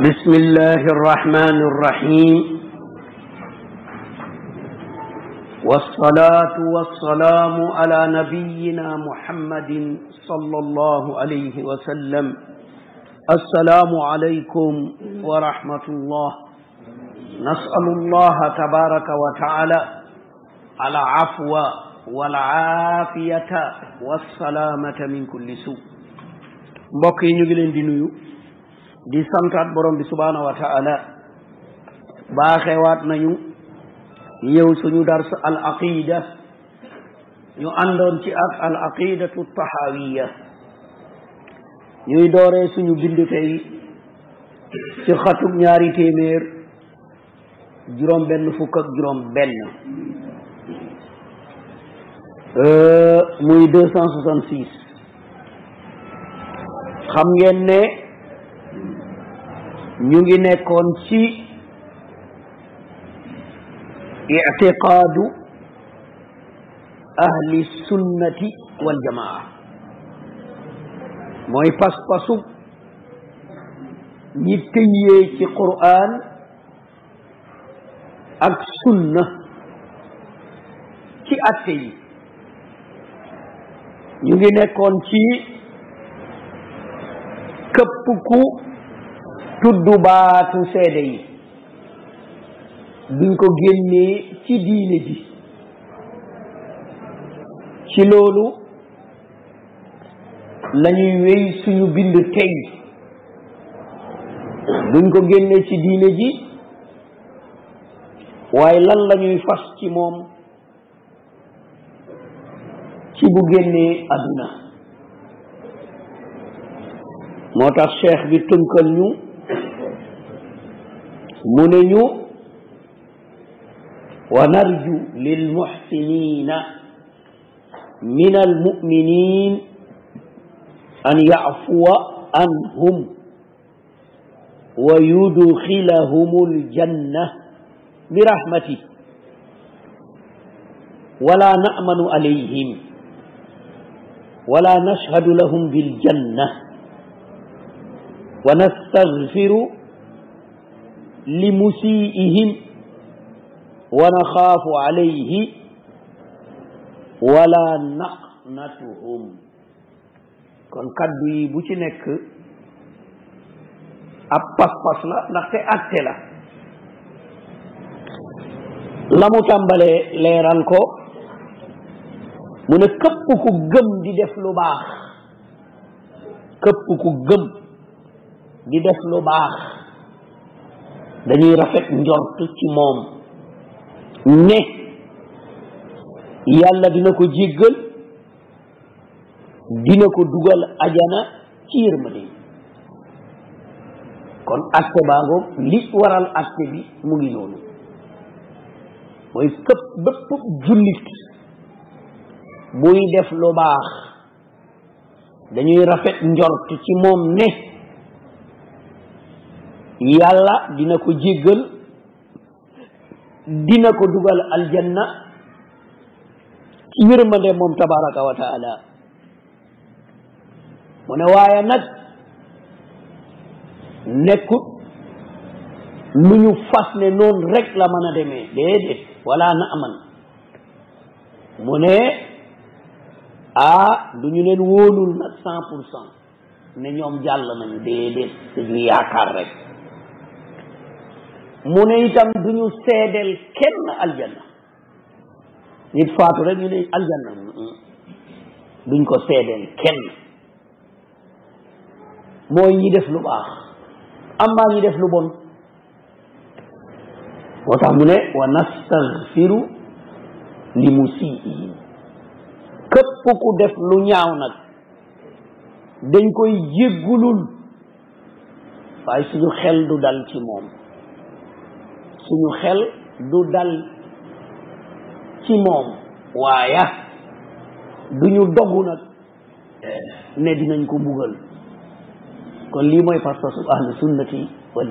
بسم الله الرحمن الرحيم والصلاة والسلام على نبينا محمد صلى الله عليه وسلم السلام عليكم ورحمة الله نسأل الله تبارك وتعالى على عفو والعافية والسلامة من كل سوء mbokk نجلين دينيو di santaat borom bi subhanahu wa taala baaxeewaat nañu yow suñu dars al aqida ñu àndoon ci ak al aqidatu tahawiya ñuy dooree suñu bind tey ci xatuk ñaari téeméer juróom benn fukk ak juróom benn euh, muy deux cent soixante six xam ngeen ne ñu ngi nekkoon ci ictiqaadu ahli sunnati waljamaa mooy pas-pasub ñi tëyee ci qur'an ak sunna ci atte ñu ngi nekkoon ci këpp ku tudd baatu seede yi duñ ko génnee ci diine ji ci loolu lañuy wéy suñu bind tey duñ ko génnee ci diine ji waaye lan lañuy fas ci moom ci bu génnee àdduna moo tax cheikh bi tënkal ñu mu ne ñu wa narju lilmuxsinina min almuminin an yafuwa anhum wa yudkhilahum aljanna birahmatih ولا نأمن عليهم ولا نشهد لهم بالجنة ونستغفر لمسيئهم ونخاف عليه ولا نقنتهم kon kaddu yi bu ci nekk ab pas-pas la ndaxte atte la la mu tàmbalee leeral ko mu ne këpp ku gëm di def lu baax këpp ku gëm di def lu baax dañuy rafet njort ci moom ne yàlla dina ko jéggal dina ko dugal ajana ci yërmande kon aste baangoog li waral aste bi mu ngi noonu mooy këpp bépp jullit buy def lu baax dañuy rafet njort ci moom ne yàlla dina ko jéggal dina ko dugal aljanna ci wërmande moom tabaraka wa taala mu ne waaye nag nekkut lu ñu fas ne noonu rek la mën a demee déedéet wala na aman mu ne ah du ñu leen wóolul nag cent pour cent ne ñoom jàll nañu déedéet dañu yaakaar rek mu ne itam du ñu seedeel kenn aljanna nit faatu rek ñu ne aljanna duñ ko seedeel kenn mooy ñi def lu baax amma ñi def lu bon moo tax mu ne wa nastaghfiru li musiihin képp ku def lu ñaaw nag dañ koy jéggulul waaye suñu xel du dal ci moom suñu xel du dal ci moom waaye duñu dogg nag ne dinañ ko mbugal kon lii mooy pas-pasu ahlu sunnati wal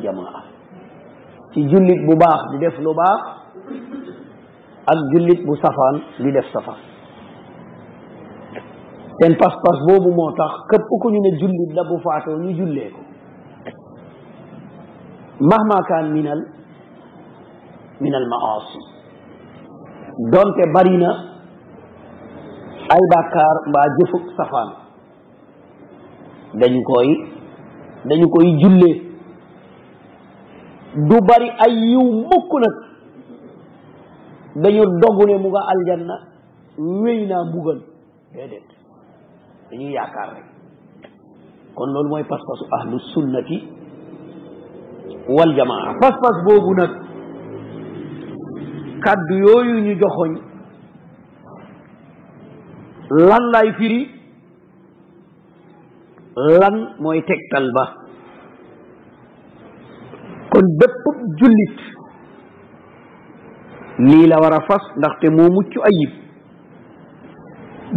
ci jullit bu baax di def lu baax ak jullit bu safaan di def safaan seen pas-pas boobu moo tax képp ku ñu ne jullit la bu faatoo ñu jullee ko mahma kaan minal min al maasi donte bari na ay bàkkaar mbaa jëfuk safaan dañu koy dañu koy jullee du bari ay yiw mukk nag dañu dogu ne mu nga aljanna naa mbugal déedéet dañuy yaakaar rek kon loolu mooy pas-pasu ahlu sunnati wal pas-pas boobu nag kàddu yooyu ñu joxoñ lan lay firi lan mooy tegtal ba kon bépp jullit lii la war a fas ndaxte moo mucc ayib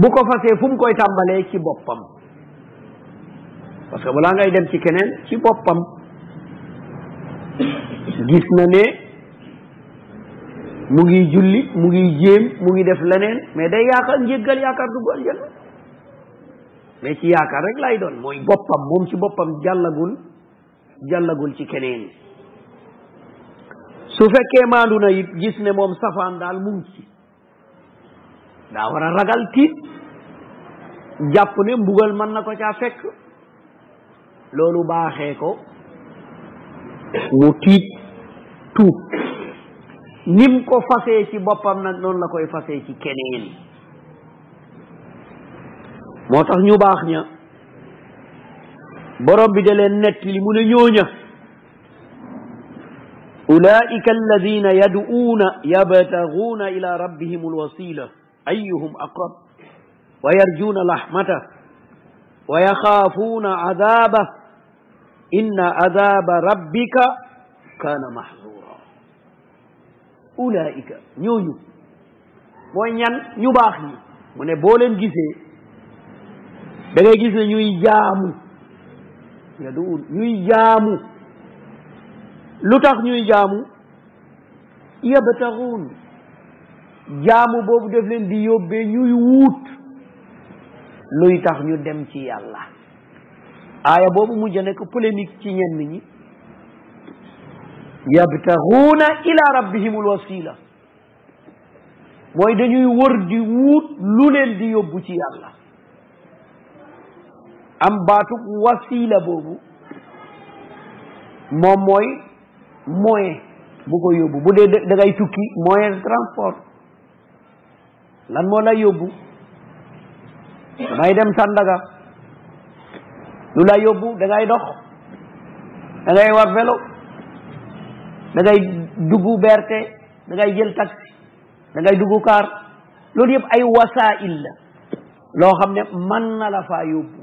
bu ko fasee fu mu koy tàmbalee ci boppam parce que balaa ngay dem ci keneen ci boppam gis na ne mu ngi julli mu ngi jéem mu ngi def leneen mais day yaakaar njéggal yaakaar dugg aljanna mais ci yaakaar rek lay doon mooy boppam moom ci boppam jàllagul jàllagul ci keneen su fekkee maandu na it gis ne moom safaan daal mu ngi ci daa war a ragal tiit jàpp ne mbugal mën na ko caa fekk loolu baaxee ko mu tiit tuub nim ko fasee ci boppam nag noonu la koy fasee ci keneen moo tax ñu baax ña borom bi da leen nettali mu ne ñooña أولئك الذين يدعون يبتغون إلى ربهم الوسيلة أيهم أقرب ويرجون رحمته ويخافون عذابه إن عذاب ربك كان محظورا Ou la ike, nyo yu. Mwen nyan, nyo bak li. Mwen e bolen gise. Bege gise, nyo yi yamu. Nyo yi yamu. Loutak nyo yi yamu. Iye betakoun. Yamu bov devlen diyo be, nyo yi wout. Loutak nyo dem ki Allah. Aya bov mwen janek pouplemik ki nyen menyi. yabtaxuuna ila rabbihimul wasila mooy dañuy wër di wuut lu leen di yóbbu ci yàlla am baatug wasila boobu moom mooy moyen bu ko yóbbu bu dee da tukki moyen transport lan moo lay yóbbu may dem sàndaga lu lay yóbbu da dox da war vélo da ngay dugg BRT jël taxi da duggu kaar loolu yëpp ay wasaa'il la loo xam ne man na la faa yóbbu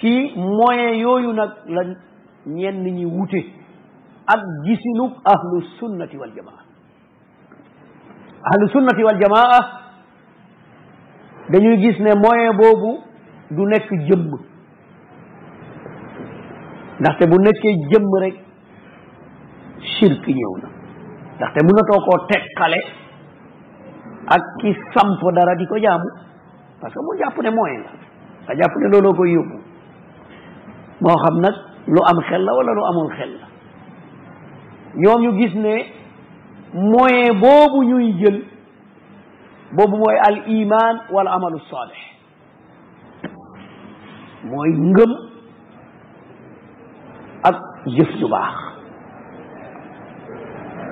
ci moyen yooyu nag la ñenn ñi wute ak gisinu ahlu sunnati wal jamaa ahlu sunnati wal jamaa dañuy gis ne moyen boobu du nekk jëmm ndaxte bu nekkee jëmm rek sirk ñëw na ndaxte mënatoo koo teqale ak ki samp dara di ko jaamu parce que mu jàpp ne moyen la nga jàpp ne looloo koy yóbbu moo xam nag lu am xel la wala lu amul xel la ñoom ñu gis ne moyen boobu ñuy jël boobu mooy al iman wala amalu salih mooy ngëm ak jëf ju baax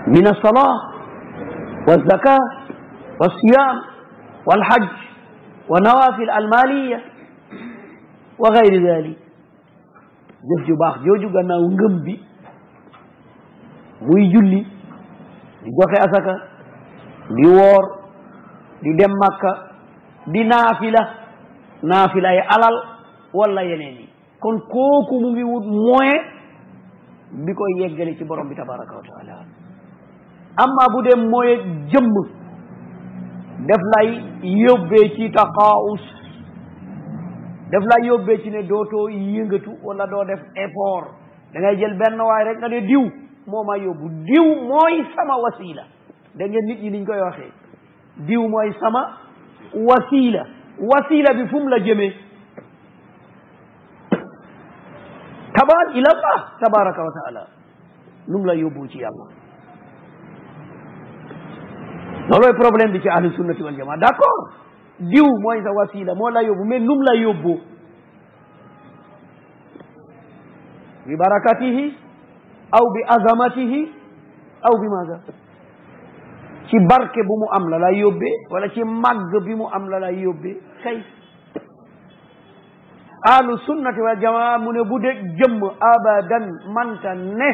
من الصلاة والزكاة والصيام والحج ونوافل المالية وغير ذلك دف جو باخ جوجو غنا ونغم بي موي جولي دي اساكا دي وور دي مكه دي نافله يا ألال علال ولا ينيني كون كوكو موغي وود موين بيكو ييغالي تبارك وتعالى amma bu dem mooy jëmm def lay yóbbee ci taqaawus def lay yóbbee ci ne dootoo yëngatu wala doo def effort dangay ngay jël benn waay rek nga ne diw moo ma yóbbu diw mooy sama wasila da ngeen nit ñi niñ koy waxee diw mooy sama wasila wasila bi fu la jëmee tabaar ilallah tabaraka wa taala lu mu la yóbbu ci yàlla loolooy problème bi ci ahlu sunnati wal jamaa diw mooy sa wasila moo la yóbbu mais num la yóbbu bi barakatihi aw bi azamatihi aw bi maaga ci barke bu mu am la lay yóbbee wala ci màgg bi mu am la lay yóbbee kay ahlu sunnati wal mu ne bu dee jëmm abadan manta ne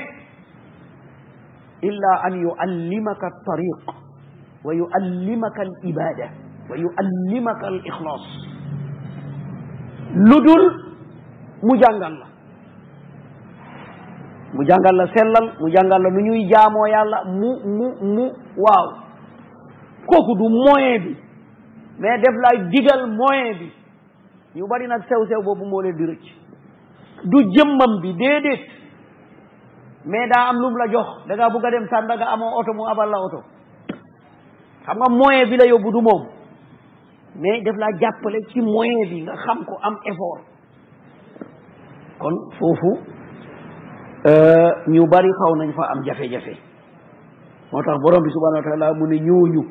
illa an yuallimaka tariq wa yuallimaka al ibada wa yuallimaka al ixlaas lu dul mu jàngal la mu jàngal la sellal mu jàngal la nu ñuy jaamoo yàlla mu mu mu waaw kooku du moyen bi mais def lay digal moyen bi ñu bari nag sew-sew boobu moo leen di rëcc du jëmmam bi déedéet mais daa am lum la jox da bugga bugg a dem amoo oto mu abal la oto xam nga moyen bi la yóbbu du moom mais def laa jàppale ci moyen bi nga xam ko am effort kon foofu euh, ñu bari xaw nañ fa am jafe-jafe moo tax borom bi subhanahu wa taala mu ne ñooñu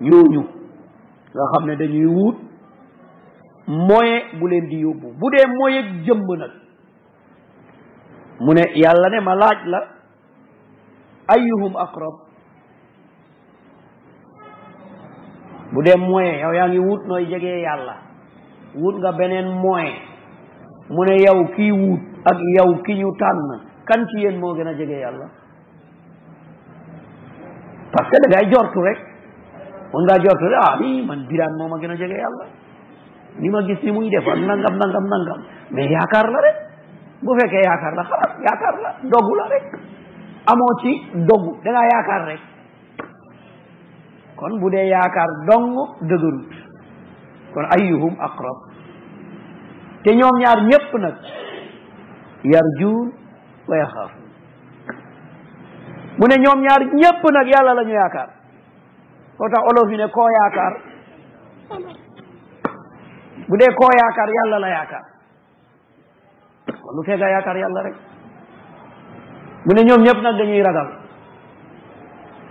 ñooñu nga xam ne dañuy wut moyen bu leen di yóbbu bu dee moyen jëmm nag mu ne yàlla ne ma laaj la ayyuhum aqrab bu dee moyen yow yaa ngi wut nooy jege yàlla wut nga beneen moyen mu ne yow kii wut ak yow ki ñu tànn kan ci yéen moo gën a jege yàlla parce que da ngay jortu rek mun ngaa jortu rek ah lii man biraan moo ma gën a jege yàlla ni ma gis ni muy def ak nangam nangam nangam mais yaakaar la rek bu fekkee yaakaar la xalaat yaakaar la dogu la rek amoo ci dogu da ngaa yaakaar rek kon bu dee yaakaar dong dëgërut kon ayyuhum aqrab te ñoom ñaar ñépp nag yarjuun wa yaxaafuun mu ne ñoom ñaar ñépp nag yàlla la ñu yaakaar koo tax olof yi ne koo yaakaar bu dee ko yaakaar yàlla la yaakaar kon lu fekk yaakaar yàlla rek mu ne ñoom ñépp nag dañuy ragal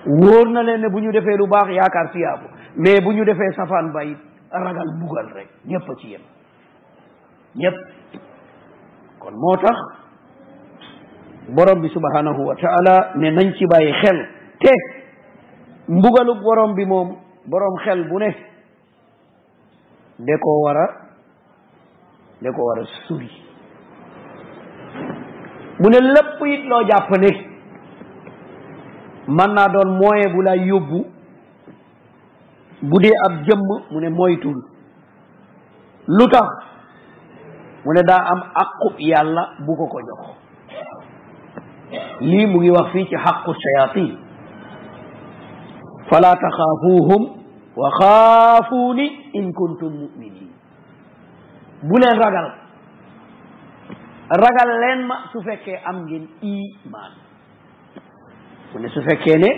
wóor na leen ne bu ñu defee lu baax yaakaar siyaabu mais bu ñu defee safaan ba it ragal bugal rek ñëpp a ci yem ñëpp kon moo tax borom bi subhanahu wa taala ne nañ ci bàyyi xel te mbugalu borom bi moom borom xel bu ne de ko war a de ko war a suri mu ne lépp it loo jàpp ne man naa doon moyen bu laay yóbbu bu dee ab jëmm mu ne moytul lu tax mu ne daa am àqub yàlla bu ko ko jox lii mu ngi wax fii ci xaqu shayatin fala taxaafuuhum wa xaafuuni in kuntum muminin bu leen ragal ragal leen ma su fekkee am ngeen imaan e mu ne su fekkee ne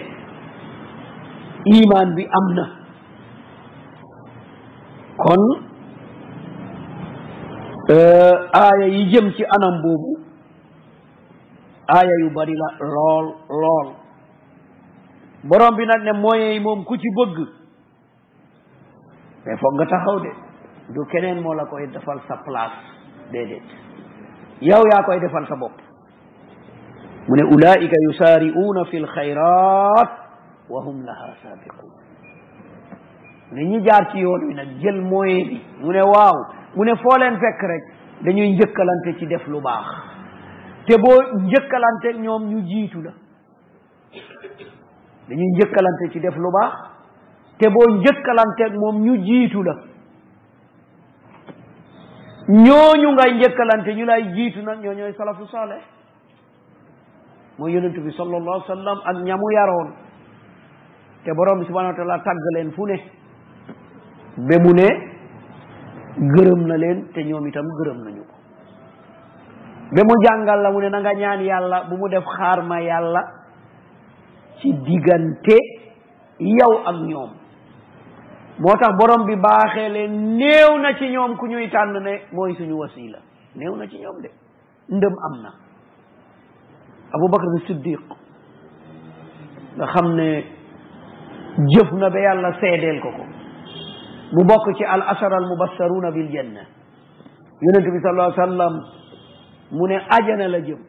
iman bi am na kon euh, aaya yi jëm ci anam boobu aaya yu bari la lool lool borom bi nag ne moyens moom ku ci bëgg mais foog nga taxaw de du keneen moo la koy defal sa place déedéet yow yaa koy defal sa bopp mu ne ulaika yusaari'uuna fi lxayrat wa hum laha saabiquun mu ñi jaar ci yoon wi nag jël moyen bi mu ne waaw mu ne foo leen fekk rek dañuy njëkkalante ci def lu baax te boo njëkkalante ñoom ñu jiitu la dañuy njëkkalante ci def lu baax te boo njëkkalante moom ñu jiitu la ñooñu ngay njëkkalante ñu lay jiitu nag ñoo ñooy salafu saleh mooy yonent bi sallallahu alayhi wa sallam ak ñamu yaroon te borom bi subhanahu wa taala tàgg leen fu ne ba mu ne gërëm na leen te ñoom itam gërëm nañu ko mu jàngal la mu ne nanga nga ñaan yàlla bu mu def xaar ma yàlla ci diggante yow ak ñoom moo tax borom bi baaxee leen néew na ci ñoom ku ñuy tànn ne mooy suñu wasila néew na ci ñoom de ndëm am na Abu Bakr Siddiq nga xam ne jëf na ba yàlla seedeel ko mu bokk ci al ashara al mubasharuna bil janna yonent bi sallallahu alayhi wa sallam mu ne ajana la jëm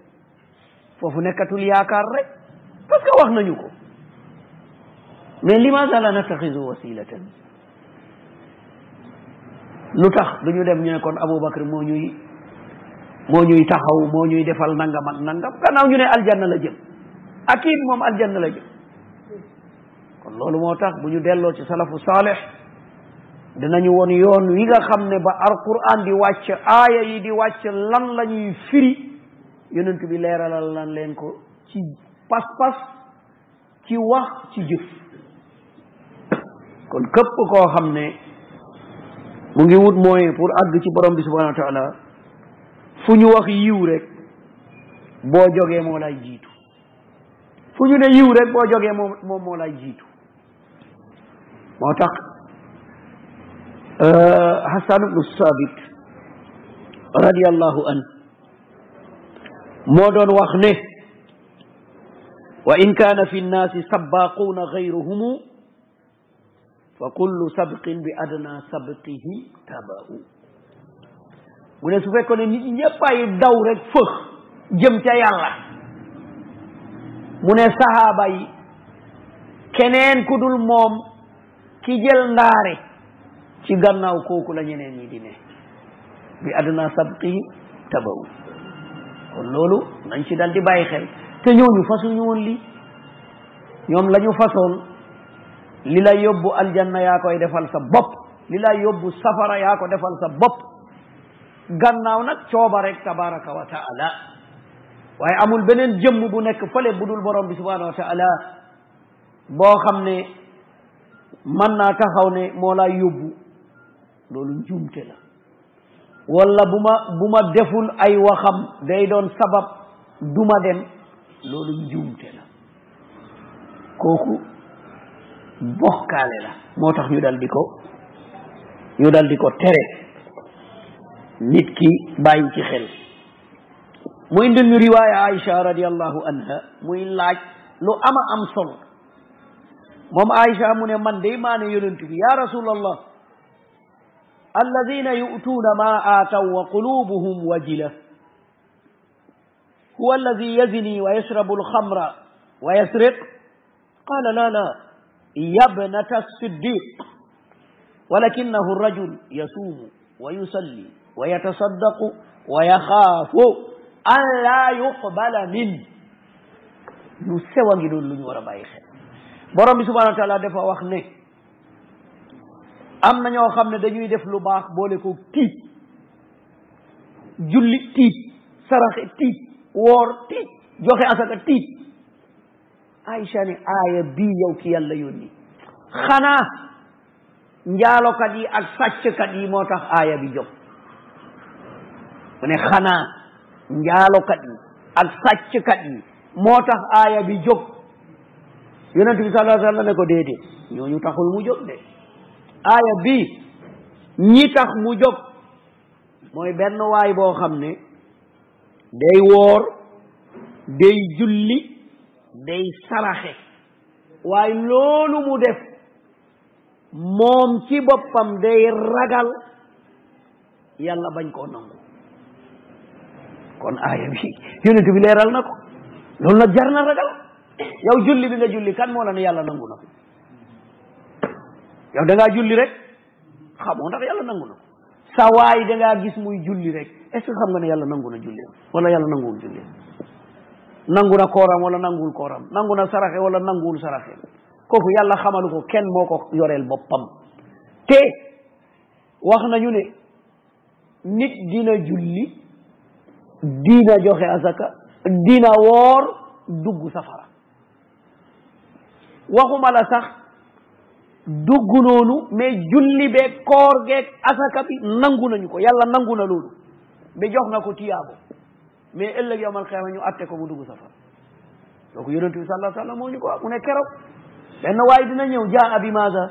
foofu nekkatul yaakaar rek parce que wax nañu ko mais limaada la nattaxisu wasilatan lu tax du ñu dem ñu ne kon Abu Bakr moo mo ñuy taxaw mo ñuy defal nangam ak nangam kanaw ñu ne aljanna la jëm ak mom aljanna la jëm kon loolu moo tax bu ñu dello ci salafu salih dinañu won yoon wi nga xamne ba alquran di wacc aya yi di wacc lan lañuy firi yonent bi leralal lan len ko ci pas-pas ci wax ci jëf kon kep ko xamne mu ngi wut moy pour ag ci borom bi subhanahu wa taala fu ñu wax yiw rek boo jogee moo lay jiitu fu ñu ne yiw rek boo jogee moom moom moo lay jiitu moo tax euh, Hasan ibnu Sabit radiallahu an moo doon wax ne wa in kaana fi nnaasi sabaaquuna gayruhumu fa kullu sabqin bi adna sabqihi tabau bu ne su fekkoon ne nit ñëppayi daw rek fëx jëm ca yàlla mu ne sahaaba yi keneen ku dul moom ki jël ndaare ci gannaaw kooku la ñeneen ñi di ne bi adna sabqi tabawu kon loolu nañ ci dal di bàyyi xel te ñooñu fasuñu woon lii ñoom la ñu fasoon li la yóbbu aljanna yaa koy defal sa bopp li la yóbbu safara yaa ko defal sa bopp gannaaw nag cooba rek tabaraka wa waaye amul beneen jëmm bu nekk fële bu dul borom bi subhanahu wa taala boo xam ne mën naa taxaw ne moo laa yóbbu loolu njuumte la wala bu ma bu ma deful ay waxam day doon sabab duma dem loolu njuumte la kooku bokkaale la moo tax yu dal di ko ñu dal di ko tere نتكي باي في خير موين دون رواية عائشة رضي الله عنها موين لاج لو أما أم صل مم عائشة من من ديمان يرنتك يا رسول الله الذين يؤتون ما آتوا وقلوبهم وجلة هو الذي يزني ويشرب الخمر ويسرق قال لا لا يا ابنة الصديق ولكنه الرجل يصوم ويصلي wa yatasaddaqu wa yaxaafu an war a bàyyi borom bi subhanahu wa taala wax ne am na ñoo xam ne dañuy def lu baax boole ko tiit julli tiit saraxe tiit woor tiit joxe asaka tiit Aïcha ne aaya bii yow ki yàlla yónni xanaa njaalokat yi ak sàcckat yi moo tax aaya bi jóg mu ne xanaa njaalokat yi ak sàcckat yi moo tax aaya bi jóg yonent bi sallallahu alayhi wa sallam ne ko déedéet ñooñu taxul mu jóg de aaya bi ñi tax mu jóg mooy benn waay boo xam ne day woor day julli day saraxe waay loolu mu def moom ci boppam day ragal yàlla bañ koo nangu kon aaya bi yonent bi leeral na ko loolu nag jar na ragal yow julli bi nga julli kan moo la ne yàlla nangu na ko yow da ngaa julli rek xamoo ndax yàlla nangu na ko sa waay da ngaa gis muy julli rek est-ce que yàlla nangu na julli wala yàlla nanguwul nangu na kooram wala nanguwul kooram nangu na saraxe wala nanguwul saraxe kooku yàlla xamalu ko kenn moo ko yoreel boppam te wax nañu ne nit dina julli dina joxe asaka dina woor dugg safara waxuma la sax dugg noonu mais julli beeg koor geeg asaka bi nangu nañu ko yàlla nangu na loolu mais jox na ko tiyaabo mais ëllëg yow man xeema ñu atte ko mu dugg safara donc yonente bi sallallahu alayhi wa sallam moo ñu ko mu ne keroog benn waaye dina ñëw jaa bi maasa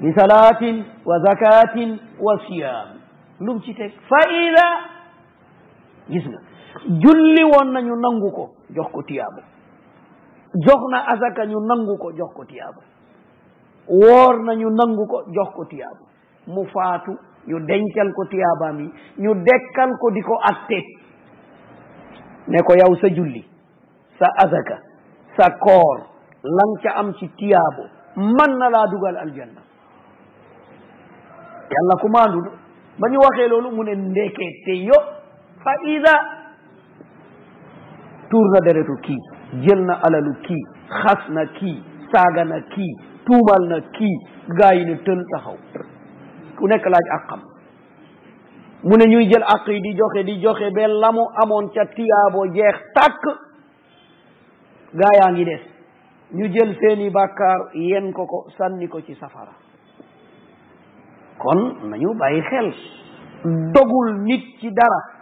bi salaatin wa zakatin wa siyam lum ci teg fa ida gis nga julli woon nañu nangu ko jox ko tiyaabo jox na asaka ñu nangu ko jox ko tiyaabo woor nañu nangu ko jox ko tiyaabo mu faatu ñu dencal ko tiyaabaam yi ñu dekkal ko di ko atte ne ko yow sa julli sa azaka sa koor lan ca am ci tiyaabo man na laa dugal aljanna yàlla ku maandu ba ñu waxee loolu mu ne ndekete yo fa ida tuur na deretu kii jël na alalu kii xas na kii saaga na kii tuumal na kii gaa yi tël taxaw ku nekk laaj àqam mu ne ñuy jël àq yi di joxe di joxe ba lamu amoon ca tiyaabo jeex tàkk gaa yaa ngi des ñu jël seeni bàkkaar yen ko ko ko ci safara kon nañu bàyyi xel dogul nit ci dara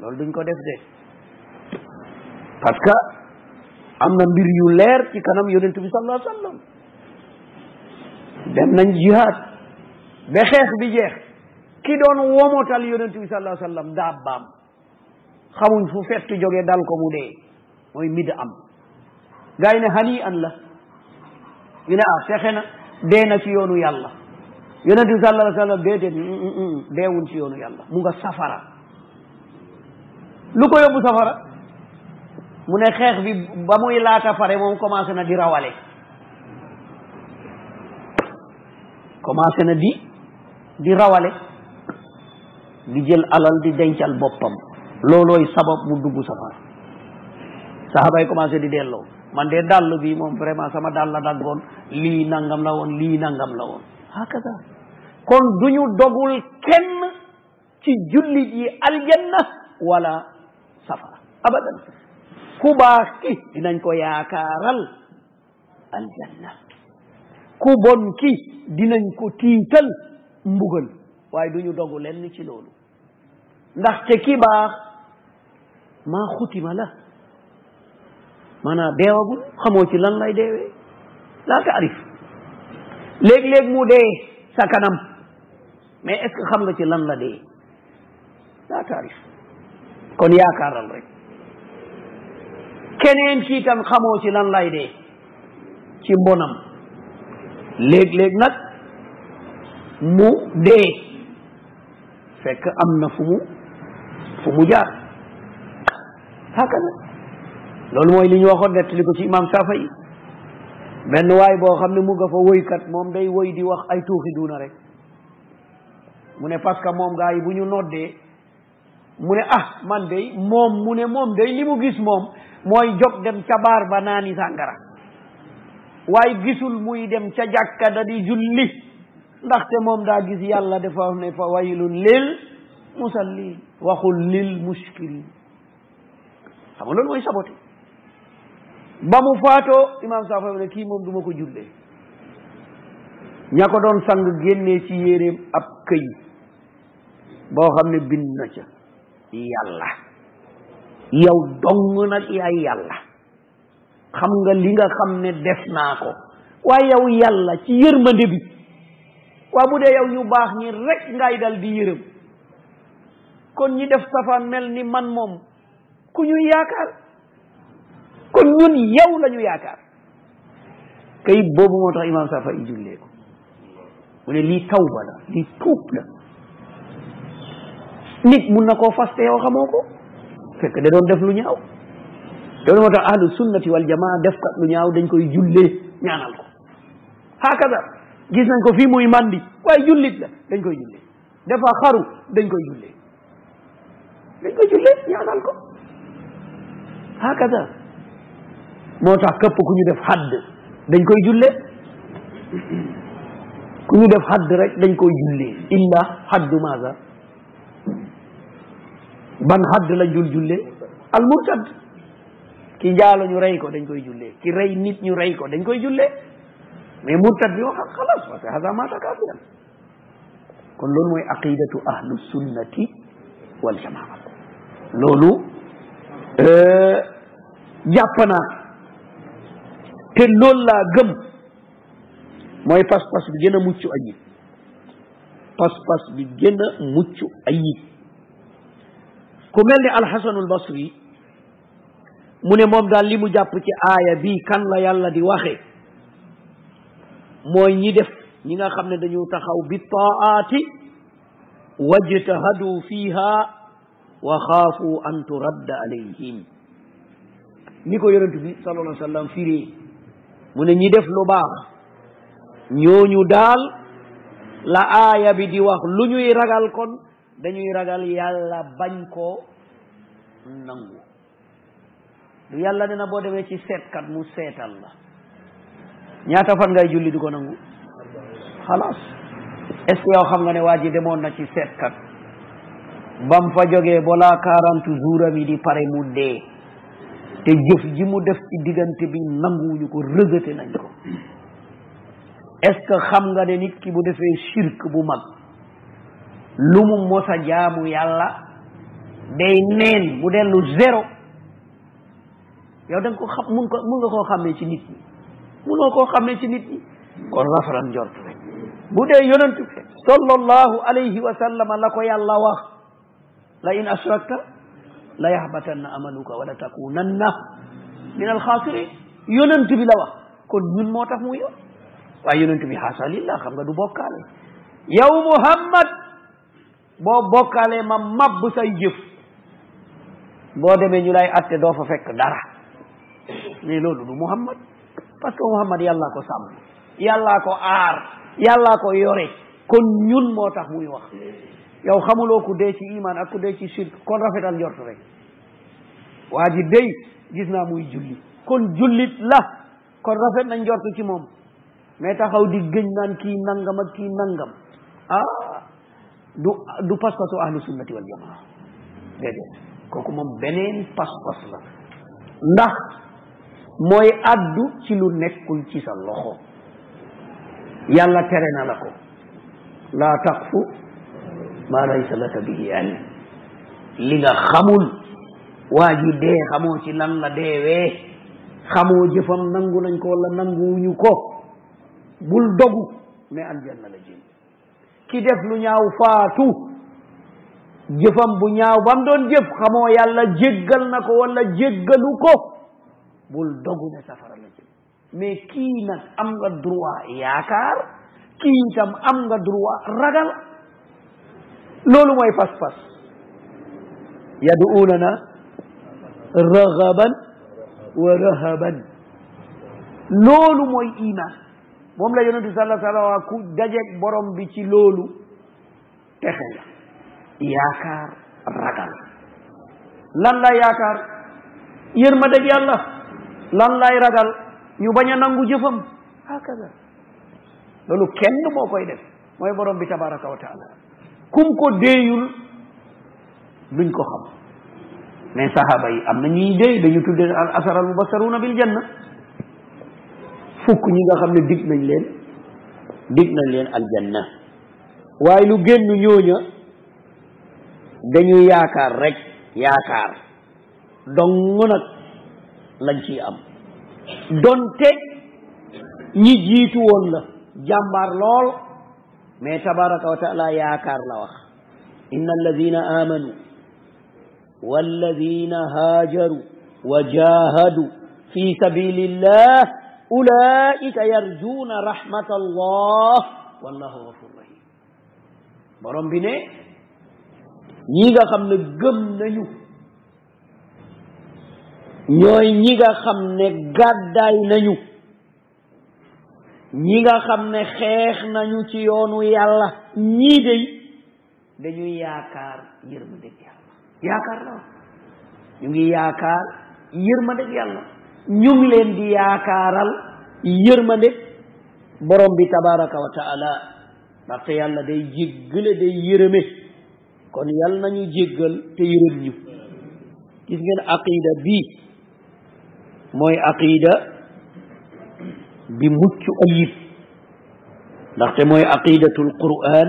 loolu duñ ko def de parce que am na mbir yu leer ci kanam yonent bi sallallahu dem nañ jihaad ba xeex bi jeex ki doon womotal yonent bi sallallahu daa baam xamuñ fu fett jógee dal ko mu dee mooy mid am gaa yi ne an la ñu ne ah fexe na dee na ci yoonu yàlla yonent bi sallallahu alayhi wasallam déedéet ci yoonu yàlla mu nga safara lu ko yóbbu safara mu ne xeex bi ba muy laata pare moom commencé na di rawale commencé na di di rawale di jël alal di dencal boppam loolooy sabab mu dugg safara saxaaba bay commencé di delloo man de dàll bii moom vraiment sama dàll la daggoon lii nangam la woon lii nangam la woon hakaza kon duñu dogul kenn ci jullit yi aljanna wala safara abadan ku baax ki dinañ ko yaakaaral aljanna ku bon ki dinañ ko tiital mbugal waaye duñu dogu lenn ci loolu ndaxte ki baax maa xutima la maanaam deewagul xamoo ci lan lay deewee laa taarif léeg-léeg mu dee sa kanam mais xam nga ci lan la dee laa taarif kon yaakaaral rek keneen ki itam xamoo ci lan lay dee ci mbonam léeg-léeg nag mu dee fekk am na fu mu fu mu jaar loolu mooy li ñu waxoon nettali ko ci imam Safa yi benn waay boo xam ne mu nga fa woykat moom day woy di wax ay tuuxi duuna rek mu ne parce que moom gaa yi bu ñu noddee mu ne ah man day moom mu ne moom day li mu gis moom mooy jóg dem ca baar ba naani sàngara waaye gisul muy dem ca jàkka da di julli ndaxte moom daa gis yàlla dafa ne fa waylun lil musallin waxul lil mushkilin xam nga loolu mooy saboté ba mu faatoo imam Saafi ne kii moom du ko jullee ña ko doon sang génnee ci yéeréem ab këy boo xam ne bind na ca yàlla yow dong nag yaay yàlla xam nga li nga xam ne def naa ko waaye yow yàlla ci yërmande bi waa bu dee yow ñu baax ñi rek ngay dal yërëm kon ñi def safaan mel ni man moom ku ñu yaakaar kon ñun yow la yaakaar kayit boobu moo tax imam safa i jullee mu ne lii tawba la lii tuub la nit mun na koo faste yow xamoo ko fekk doon def lu ñaaw loolu moo tax ahlu sunnati wal jamaa def kat lu ñaaw dañ koy jullee ñaanal ko hakada gis nañ ko fii muy mandi waaye jullit la dañ koy jullee dañ ñaanal ko hakada moo tax képp ku ñu def hadd dañ koy jullee ku ñu def hadd rek dañ koy jullee illa haddu maasa ban xadd lañ dul al murtad ki njaalo ñu rey ko dañ koy jullee ki rey nit ñu rey ko dañ koy jullee mais murtad bi wax xalaas parce que hada mata kafiran kon loolu mooy aqidatu ahlu sunnati wal jamaa loolu euh, jàpp naa te la laa gëm mooy pas-pas bi gën a mucc ayib pas bi gën a mucc ayib ku mel ni alxasanul basri mu ne moom daal li mu jàpp ci aaya bi kan la yàlla di waxe mooy ñi def ñi nga xam ne dañu taxaw bi taati wajtahadu fiiha wa xaafu an turadda alayhim ni ko yonent bi sallallahu alayhi wa mu ne ñi def lu baax ñooñu daal la aaya bi di wax lu ñuy ragal kon dañuy ragal yàlla bañ ko nangu du yàlla ne na boo demee ci seetkat mu seetal la ñaata fan ngay julli di ko nangu xalaas est ce que yow xam nga ne waa ji demoon na ci seetkat ba m fa jógee balaa quarante jour ami di pare mu dee te jëf ji mu def ci diggante bi nanguwuñu ko rëgëte nañ ko est ce que xam nga ne nit ki bu defee chirque bu mag lu mu mos a jaamu yàlla day neen mu dellu zéro yow da ko xam mun ko mun nga koo xamee ci nit ñi munoo koo xamee ci nit ñi kon rafetal njort rek bu dee yonent bi sallallahu alayhi wa la ko yàlla wax la in ashrakta la yahbatanna amaluka wala takunanna min alxaasirin yonent bi la wax kon ñun moo tax mu yoon waaye yonent bi xaasa lillah xam nga du bokkaale yow Muhammad boo bokkalee ma mabb say jëf boo demee ñu lay atte doo fa fekk dara mais loolu du Muhammad parce que Muhammad yàllaa ko sàmm yàllaa ko aar yàllaa ko yore kon ñun moo tax muy wax yow xamuloo ku dee ci iman ak ku dee ci shirk kon rafetal njort rek waa ji dey gis naa muy julli kon jullit la kon rafet na njort ci moom mais taxaw di gëñ naan kii nangam ak kii nangam ah du du pas-pasu ahlu sunnati wal kooku moom beneen pas-pas la ndax mooy addu ci lu nekkul ci sa loxo yàlla tere na la ko laa taqfu maa laysa laka bihi ilm li nga xamul waa dee xamoo ci lan la deewee xamoo jëfam nangu nañ ko wala nanguwuñu ko bul dogu ne aljanna la jëm ki def lu ñaaw faatu jëfam bu ñaaw bam doon jëf xamoo yàlla jéggal na ko wala jéggalu ko bul dogu ne safara la jëm mais kii nag am nga droit yaakaar kii itam am nga droit ragal loolu mooy pas-pas yadu'unana ragaban wa rahaban loolu mooy iman moom la yonentu sallallahu alayhi wa sallam ku dajeeg borom bi ci loolu texe la yaakaar ragal lan lay yaakaar yërmande yàlla lan lay ragal ñu bañ a nangu jëfam hakaza loolu kenn moo koy def mooy borom bi tabaraka wa taala kum ko déeyul duñ ko xam mais sahaba yi am na ñuy déey dañu tudde al asara al mubassaruna bil janna fukk ñi nga xam ne digg nañ leen digg nañ leen aljanna waaye lu génn ñooña dañu yaakaar rekk yaakaar dong nag lañ ciy am donte ñi jiitu woon la jàmbaar lool mais tabaraka wa taala yaakaar la wax inna alladina amanu walladina haajaru wa jahadu fi sabilillah ulaika yarjuuna rahmatallah wallahu ghafur rahim borom bi ne ñi nga xam ne gëm nañu ñooy ñi nga xam ne gàddaay nañu ñi nga xam ne xeex nañu ci yoonu yàlla ñii day dañuy yaakaar yërmandeg yàlla yaakaar la ñu ngi yaakaar yërmandeg yàlla ñu ngi leen di yaakaaral yërmande borom bi tabaraka wa ndaxte yàlla day jéggale day yërëme kon yàlla nañu jéggal te yërëm ñu gis ngeen aqida bii mooy aqida bi mucc ayib ndaxte mooy aqidatul quran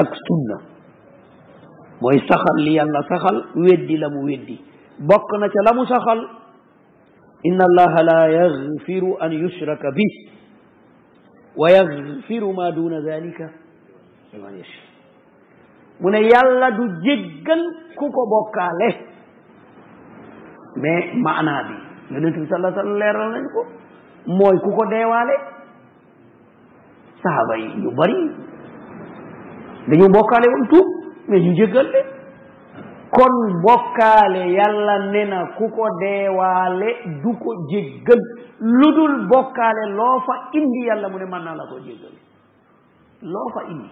ak sunna mooy saxal li yàlla saxal weddi la mu weddi bokk na ca la mu saxal inna allaha la yaxfiru an yushraka bi wa yaxfiru ma duna dalika mu ne yàlla du jéggal ku ko bokkaale mais maanaa bi yonent bi sallallahu alayhi wa sallam leeral nañ ko mooy ku ko deewaale sahaaba yi ñu bari dañu bokkaale woon tuub mais ñu jéggal leen kon bokkaale yalla nena kuko deewaale du ko jéggal ludul bokkaale loofa indi yalla mu ne man naa la koo jéggal loofa indi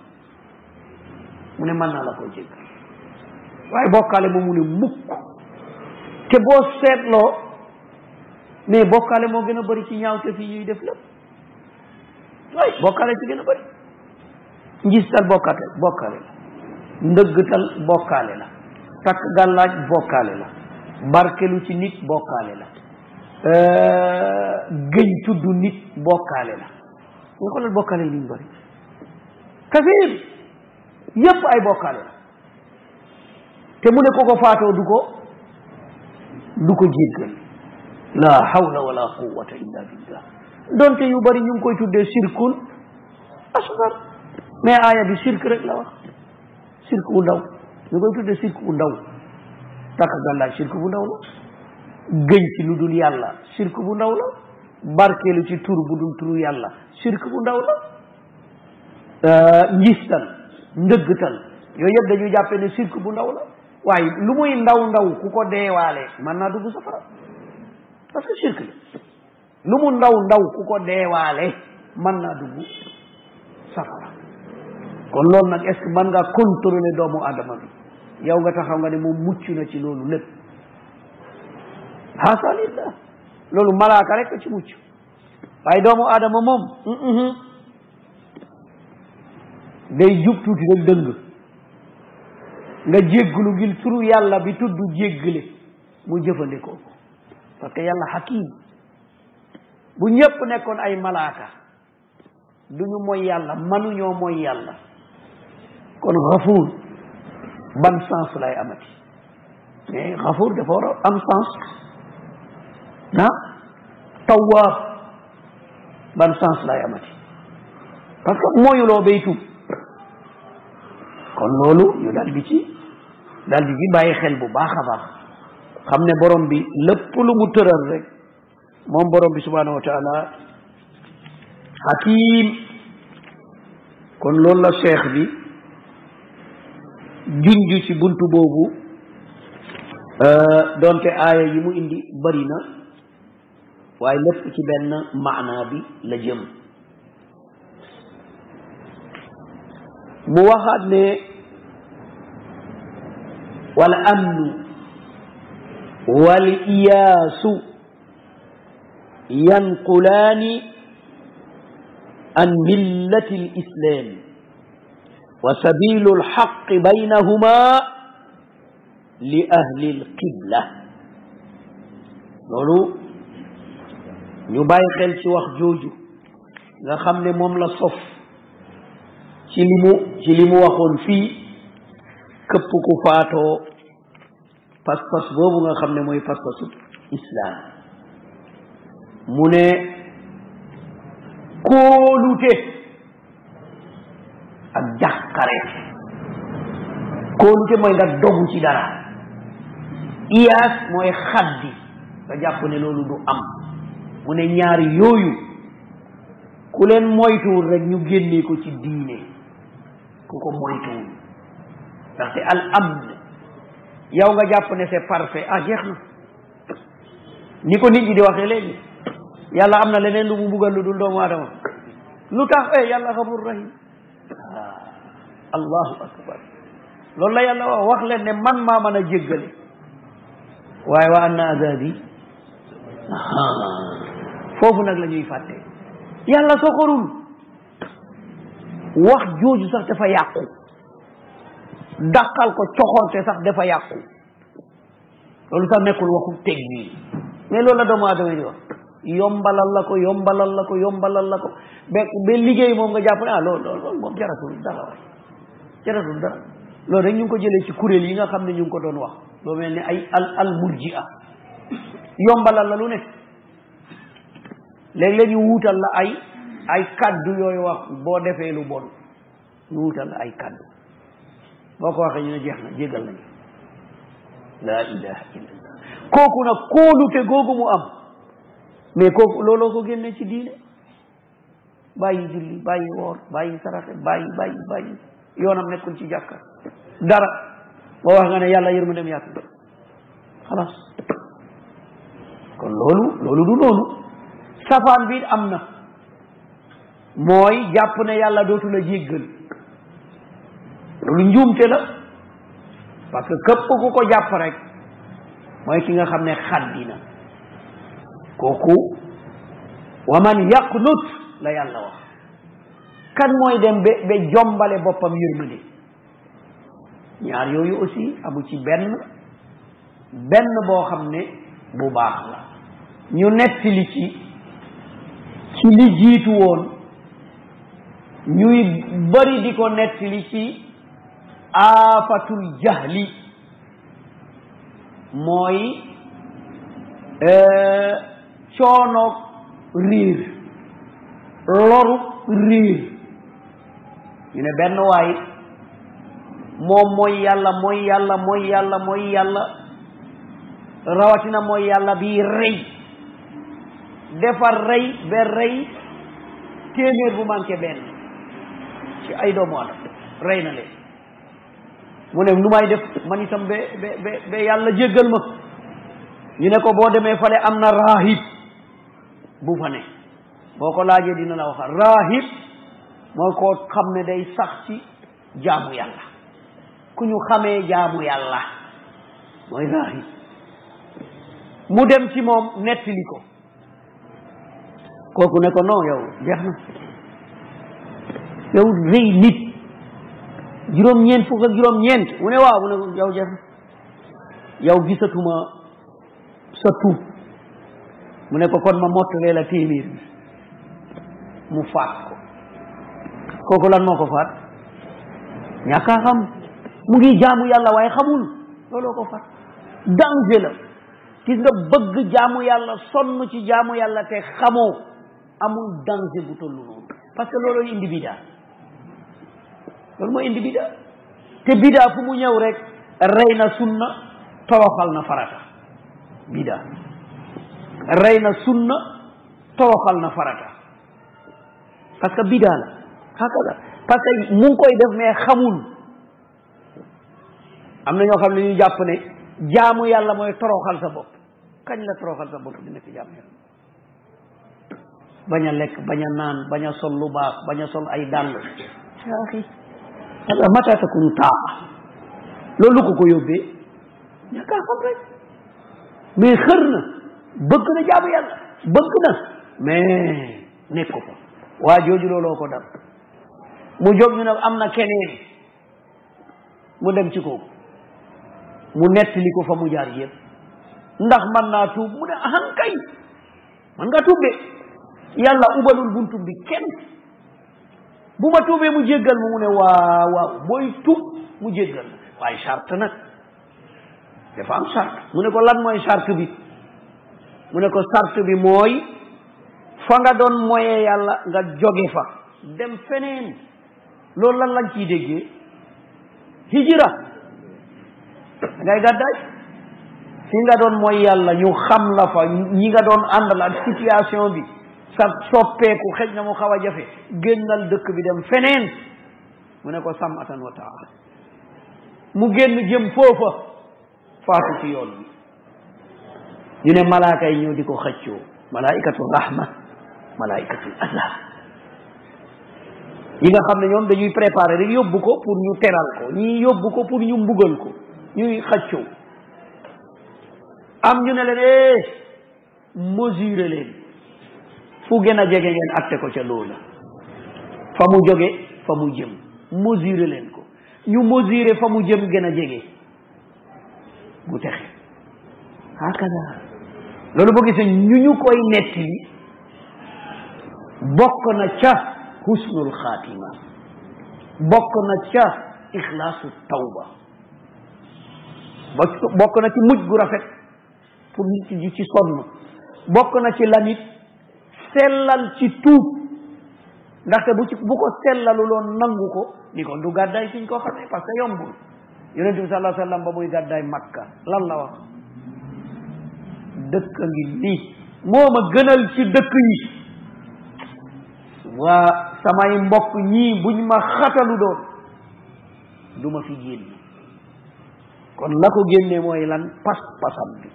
mu ne man naa la koo jéggal waaye bokkaale moom mu ne mukk te boo seetloo mais bokkaale moo gën a bëri ci ñaaw kefi ñuy def lépp waay bokkaale ci gën a bëri njistal bokkaale bokkaale la ndëggtal bokkaale la takk gàllaaj bokkaale la barkelu ci nit bokkaale la euh, gëñ tudd nit bokkaale la nga xoolal bokkaale li ñu bëri kasiir yépp ay bokkaale la te mu ne ko ko faatoo du ko du ko jéggal la hawla wala quwwata illa billah donte yu bëri ñu ngi koy tuddee sirkul asgar mais aaya bi sirk rek la wax sirk wu ndaw ñu koy tuddee sirk bu ndaw takk gàllaaj sirk bu ndaw la gëñ ci lu dul yàlla sirk bu ndaw la barkeelu ci tur bu dul turu yàlla sirk bu ndaw la ngistal ndëggtal yooyu yëpp dañuy jàppee ne sirk bu ndaw la waaye lu muy ndaw ndaw ku ko deewaale mën naa dugg safara parce que sirk la lu mu ndaw ndaw ku ko deewaale man naa dugg safara kon loolu nag est-ce que mën ngaa contrôler doomu adama bi yow nga taxaw nga ne moom mucc na ci loolu lépp xasa loolu malaaka rek ci mucc waaye doomu adama moom day jub tuuti rek dëng nga jégglu ngir turu yàlla bi tudd jéggle mu jëfandikoo ko parce que yàlla hakim bu ñëpp nekkoon ay malaaka duñu mooy yàlla manuñoo moy yàlla kon xafuur ban sens lay amati mais xafuur dafa war am sens na tawaab ban sens lay amati parce que mooyuloo bay tuub kon loolu ñu daal di ci daal di ci bàyyi xel bu baax a baax xam ne borom bi lépp lu mu tëral rek moom borom bi subhanahu wa taala hakim kon loolu la cheikh bi junju ci buntu bobu euh donte aya yi mu indi bari na waaye lépp ci ben maana bi la jëm mu waxaat ne wal amn wal iyas yanqulaani an millati l islaami wa sabilu lxaqi baynahuma li ahli lqibla loolu ñu bàyyi xel ci wax jooju nga xam ne moom la sof ci li mu ci li mu waxoon fii këpp ku faatoo pas-pas boobu nga xam ne mooy pas-pasu islaam mu ne kóolute ak jaxkareef kóolute mooy nga dogu ci dara iyaas mooy xaddi nga jàpp ne loolu du am mu ne ñaari yooyu ku leen moytuwul rek ñu génnee ko ci diine ku ko moytuwul ndaxte al amn nga jàpp ne c'est parfait ah jeex na ni ko nit ñi di waxee léegi yàlla am na leneen lu mu buggal lu dul doomu lu tax eh yàlla xamul rahim Ah. allahu akbar loolu la yàlla wax wax leen ne man maa mën a jéggale waaye wa anna azabi ah. foofu nag la ñuy fàtte yàlla wax jooju sax dafa yàqu dàqal ko coxorte sax dafa yàqu loolu sax nekkul waxu teg nii mais la doomu aadama di wax yombalal la ko yombalal la ko yombalal la ko liggéey moom nga jàpp ne ah loolu loolu moom jaratul dara waay jaratul dara loolu rek ñu ko jëlee ci kuréel yi nga xam ne ñu ngi ko doon wax loo mel ne ay al al murji a yombalal la lu ne léeg-léeg ñu wuutal la ay ay kaddu yooyu wax boo defee lu bon ñu wuutal la ay kaddu boo ko waxee ñu ne jeex na jégal nañu la ilaha illallah kooku nag kóolute googu mu am mais kooku looloo ko génne ci diine bàyyi julli bàyyi woor bàyyi saraxe yoonam nekkul ci jàkka dara boo wax nga ne yàlla yërma dem yàq xalaas kon loolu loolu du noonu safaan bi am na mooy jàpp ne yàlla dootul a jéggal loolu njuumte la parce que képp ku ko jàpp rek mooy ki nga xam ne xaddi na kooku wa man yaqnut la yàlla wax kan mooy dem ba ba jombale boppam yërmande ñaar yooyu aussi amu ci benn benn boo xam ne bu baax la ñu netti li ci ci li jiitu woon ñuy bari di ko netti li ci aafatul jahli mooy euh, coonoog riir loru riir ñu ne benn waay moom mooy yàlla mooy yàlla mooy yàlla mooy yàlla rawatina mooy yàlla bii rey defar rey ba rey téeméer bu manqué benn ci ay doomu rey na leen mu ne nu may def man itam ba ba ba yàlla jéggal ma ñu ne ko boo demee fale am na raahib bu fa ne boo ko laajee dina la waxal raahib mooy koo xam ne day sax ci jaamu yàlla ku ñu xamee jaamu yàlla mooy raahib mu dem ci moom nettali ko kooku ne ko non yow jeex na yow rëy nit juróom-ñeent fukk juróom-ñeent mu ne waaw mu ne yow jeex na yow gisatuma sa tuub mu ne ko kon ma mottalee la téeméer bi mu faat ko kooku lan moo ko faat ñàkk a xam mu ngi jaamu yàlla waaye xamul looloo ko faat danger la gis nga bëgg jaamu yàlla sonn ci jaamu yàlla te xamoo amul danger bu tollu noonu parce que loolooy indi loolu mooy indi te bidaa fu mu ñëw rek rey na sunna toroxal na farata bidaa rey na sunna toroxal na farata parce que bidaa la hakaza parce que mu koy def mais xamul am na ñoo xam ne ñu jàpp ne jaamu yàlla mooy toroxal sa bopp kañ la toroxal sa bopp di nekk jaamu bañ a lekk bañ a naan bañ a sol lu baax bañ a sol ay dàll yaaxi ala mata takunu taa loolu ko ko yóbbee ñàkkaa xam rek mais xër na bëgg na jaamu yàlla bëgg na mais nekk ko waa jooju looloo ko dal mu jóg ñu ne am na keneen mu dem ci kooku mu nettali ko fa mu jaar yëpp ndax man naa tuub mu ne ahan kay man nga tuub de ubalul buntu bi kenn bu ma tuubee mu jéggal ma mu ne waaw waaw booy tuub mu jéggal waaye charte nag dafa am charte mu ne ko lan mooy charte bi mu ne ko sart bi mooy fa nga doon moyee yàlla nga jóge fa dem feneen loolu lan lañ ciy déggee hijira ngay gàddaay fi nga doon mooy yàlla ñu xam la fa ñi nga doon àndal ak situation bi sa soppeeku xëj na mu xaw a jafe génnal dëkk bi dem feneen mu ne ko samatan wa taala mu génn jëm foofa faatu ci yoon bi ñu ne malaaka yi di ko xëccoo malaikatu rahma malaikatu azab yi nga xam ne ñoom dañuy préparer rek yóbbu ko pour ñu teral ko ñii yóbbu ko pour ñu mbugal ko ñuy xëccoo am ñu ne leen eh mesurer leen fu gën a jege ngeen atte ko ca loola fa mu jóge fa mu jëm mesurer leen ko ñu mesurer fa mu jëm gën a jege bu texe loolu boo gisee ñu ñu koy nettali bokk na ca husnul xaatima bokk na ca ixlaasu tawba bokk na ci mujj gu rafet pour nit yi ci sonn bokk na ci lamit sellal ci tuub ndaxte bu ci bu ko sellalu loon nangu ko ni kon du gàddaay fiñ ko xamee parce que yombul yonente bi sallallahu alayhi muy gàddaay makka lan la wax dëkk a ngi nii moo ma gënal ci dëkk yi waa samay mbokk ñii buñ ma xatalu doon du ma fi génn kon la ko génne mooy lan pas-pasam bi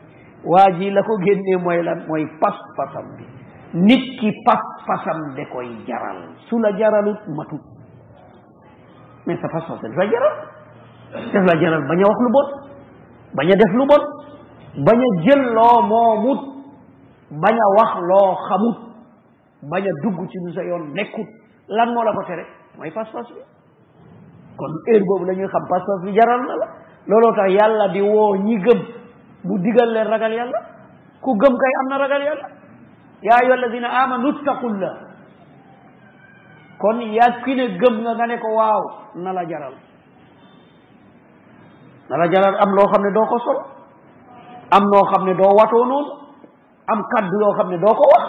waa jii la ko génne mooy lan mooy pas-pasam bi nit ki pas-pasam da koy jaral su la jaralut matut mais sa pas-pas daf jaral daf la jaral bañ a wax lu bon bañ a def lu bon bañ a jël loo moomut bañ a wax loo xamut bañ a dugg ci lu sa yoon nekkut lan moo la ko tere mooy pas-pas bi kon heure boobu la xam pas bi jaral na la looloo tax yàlla di woo ñi gëm mu digal leen ragal yàlla ku gëm kay am na ragal yàlla yaa ayyuha alladina amanu ttaqullah kon yaa ki ne gëm nga nga ne ko waaw na la jaral na la jaral am loo xam ne doo ko solo am noo xam ne doo wato noonu am kaddu yoo xam ne doo ko wax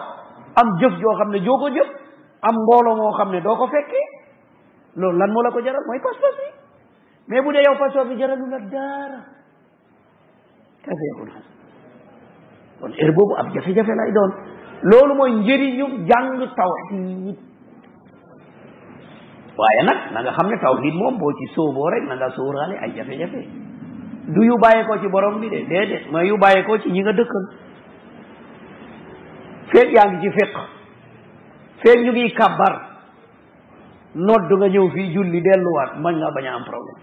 am jëf joo xam ne joo ko jëf am mbooloo moo xam ne doo ko fekkee loolu lan moo la ko jaral mooy pas-pas bi mais bu dee yow pas-pas bi jaralu la daara kayfa yakunu hasan kon heure boobu ab jafe-jafe lay doon loolu mooy njëriñu jàng tawxiid waaye nag na nga xam ne tawxiid moom boo ci sóoboo rek na nga sóoraale ay jafe-jafe du yu bàyyeekoo ci borom bi de déedéet mais yu bàyyeekoo ci ñi nga dëkkal feeg yaa ngi ci fiq feeg ñu ngi kàbbar nodd nga ñëw fii julli delluwaat man ngaa bañ am problème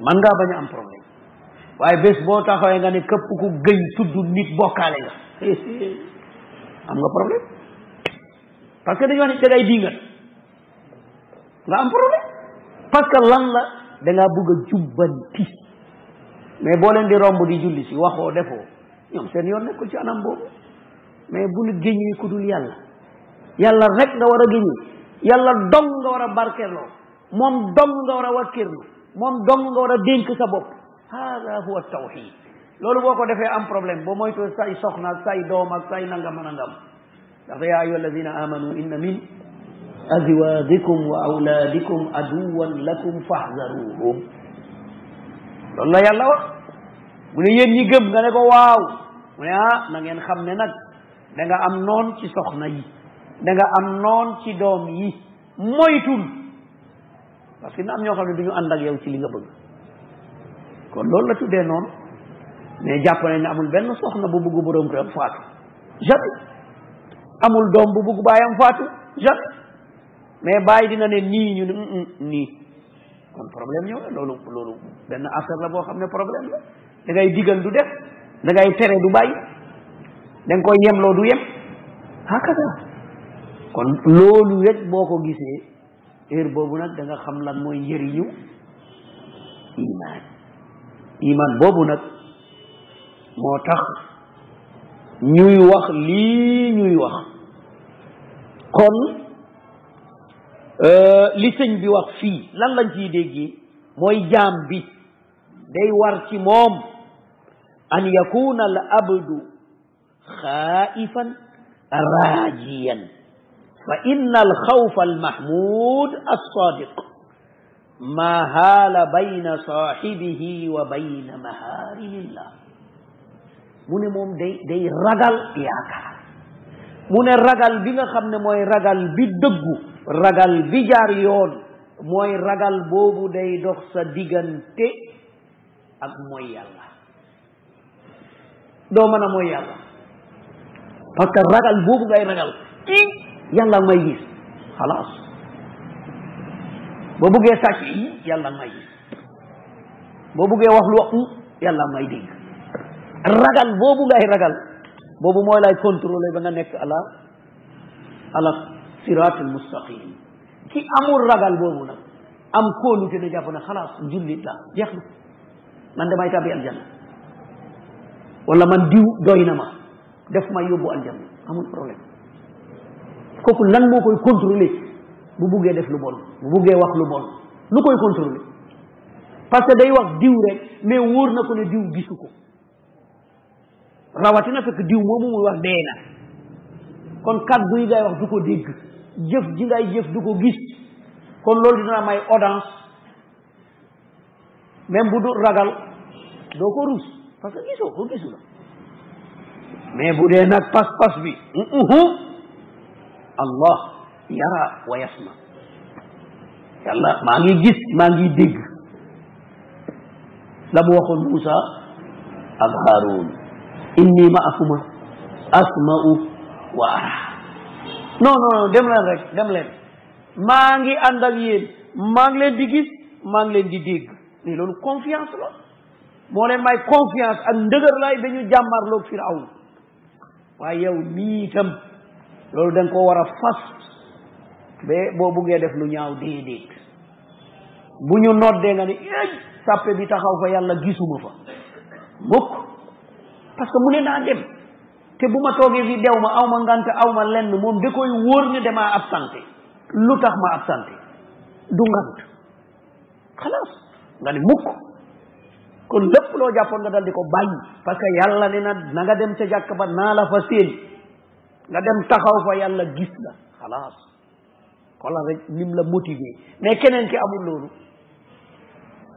man bañ am problème waaye bés boo taxawee nga ne képp ku gëñ tudd nit bokkaale nga eh, am nga problème parce que dañu wax ne da ngay dingat nga am problème parce lan la da ngaa bugg a jubbanti mais boo leen di romb di julli ci waxoo defoo ñoom seen yoon nekkul ci anam boobu mais bu nu géñee ku dul yàlla yàlla rek nga war a géñee yàlla dong nga war a barkeloo moom dong nga war a wakkirlu moom dong nga war a dénk sa bopp hada huwa tawxid loolu boo ko defee am problème boo moytu say soxna ak say doom ak say nangam nangam ndax yaa ayyuha alladina amanu inna min azwaadikum wa awlaadikum aduwan lakum fahzaruhum loolu la yàlla wax mu ne yéen ñi gëm nga ne ko waaw mu ne ah na xam ne nag da nga am noon ci soxna yi da am noon ci doom yi moytul parce que na am ñoo xam ne du ñu ànd ak yow ci li nga bëgg kon loolu la tuddee noonu mais jàpp ni amul benn soxna bu bëgg borom këram faatu jamais amul doom bu bëgg baayam faatu jamais mais bàyyi dina ne nii ñu ne nii kon problème ñëw loolu loolu benn affaire la boo xam ne problème la da ngay digal du def da ngay tere du bàyyi da nga koy yemloo du yem hakada kon loolu rek boo ko gisee heure boobu nag da xam lan mooy njëriñu iman iman boobu nag moo tax ñuy wax lii ñuy wax kon li sëñ bi wax fii lan lañ ciy déggee mooy jaam bi day war ci moom an yakuna al abdu xaifan raajiyan fa inna al xawfa al mahmud al sadiq ma haala bayna saaxibihi wa bayna mahaarimillah mu ne moom day day ragal yaakaar mu ne ragal bi nga xam ne mooy ragal bi dëggu ragal bi jaar yoon mooy ragal boobu day dox sa diggante ak mooy yàlla doo mën a mooy yàlla parce que ragal boobu ngay ragal i yàlla may gis xalaas boo buggee sàcc i yàlla may gis boo buggee wax lu waxu yàlla may dégg ragal boobu ngay ragal boobu mooy lay contrôler ba nga nekk ala siraatul mustaqim ki amul ragal boobu nag am kóolu te na jàpp ne xalaas jullit la jeex na man damay tàbbi aljanna wala man diw doy na ma def ma yóbbu aljanna amul problème kooku lan moo koy contrôler bu buggee def lu bon bu buggee wax lu bon lu koy contrôler parce que day wax diw rek mais wóor na ko ne diw gisu ko rawatina fekk diw moomu muy wax dee na kon kàddu yi ngay wax du ko dégg jëf ji jëf du ko gis kon loolu dina may audience même bu du ragal doo ko rus parce que gisoo ko gisu la mais bu dee nag pas-pas bi allah yara wa maa ngi gis maa ngi dégg la mu waxoon Moussa ak Haroun inni maakuma asma'u wa ara no non dem leen rek dem leen maa ngi ànd ak yéen maa ngi leen di gis maa ngi leen di dégg mais loolu confiance la moo leen may confiance ak ndëgër laay ba ñu jàmmarloog Firawna waaye yow nii itam loolu da nga ko war a fas ba boo buggee def lu ñaaw déedéet bu ñu noddee nga ne éej sàppe bi taxaw fa yàlla gisuma fa mukk parce que mu ne naa dem te bu ma toogee fii dew ma aw ma ngant aw ma lenn moom da koy wóor ne damaa absenté lu tax ma absenté du ngant xalaas nga ne mukk kon lépp loo jàppoon nga dal di ko bàyyi parce que yàlla ne na na nga dem ca jàkk ba naa la fa séen nga dem taxaw fa yàlla gis la xalaas xoolal nim la motivé mais keneen ki amul loolu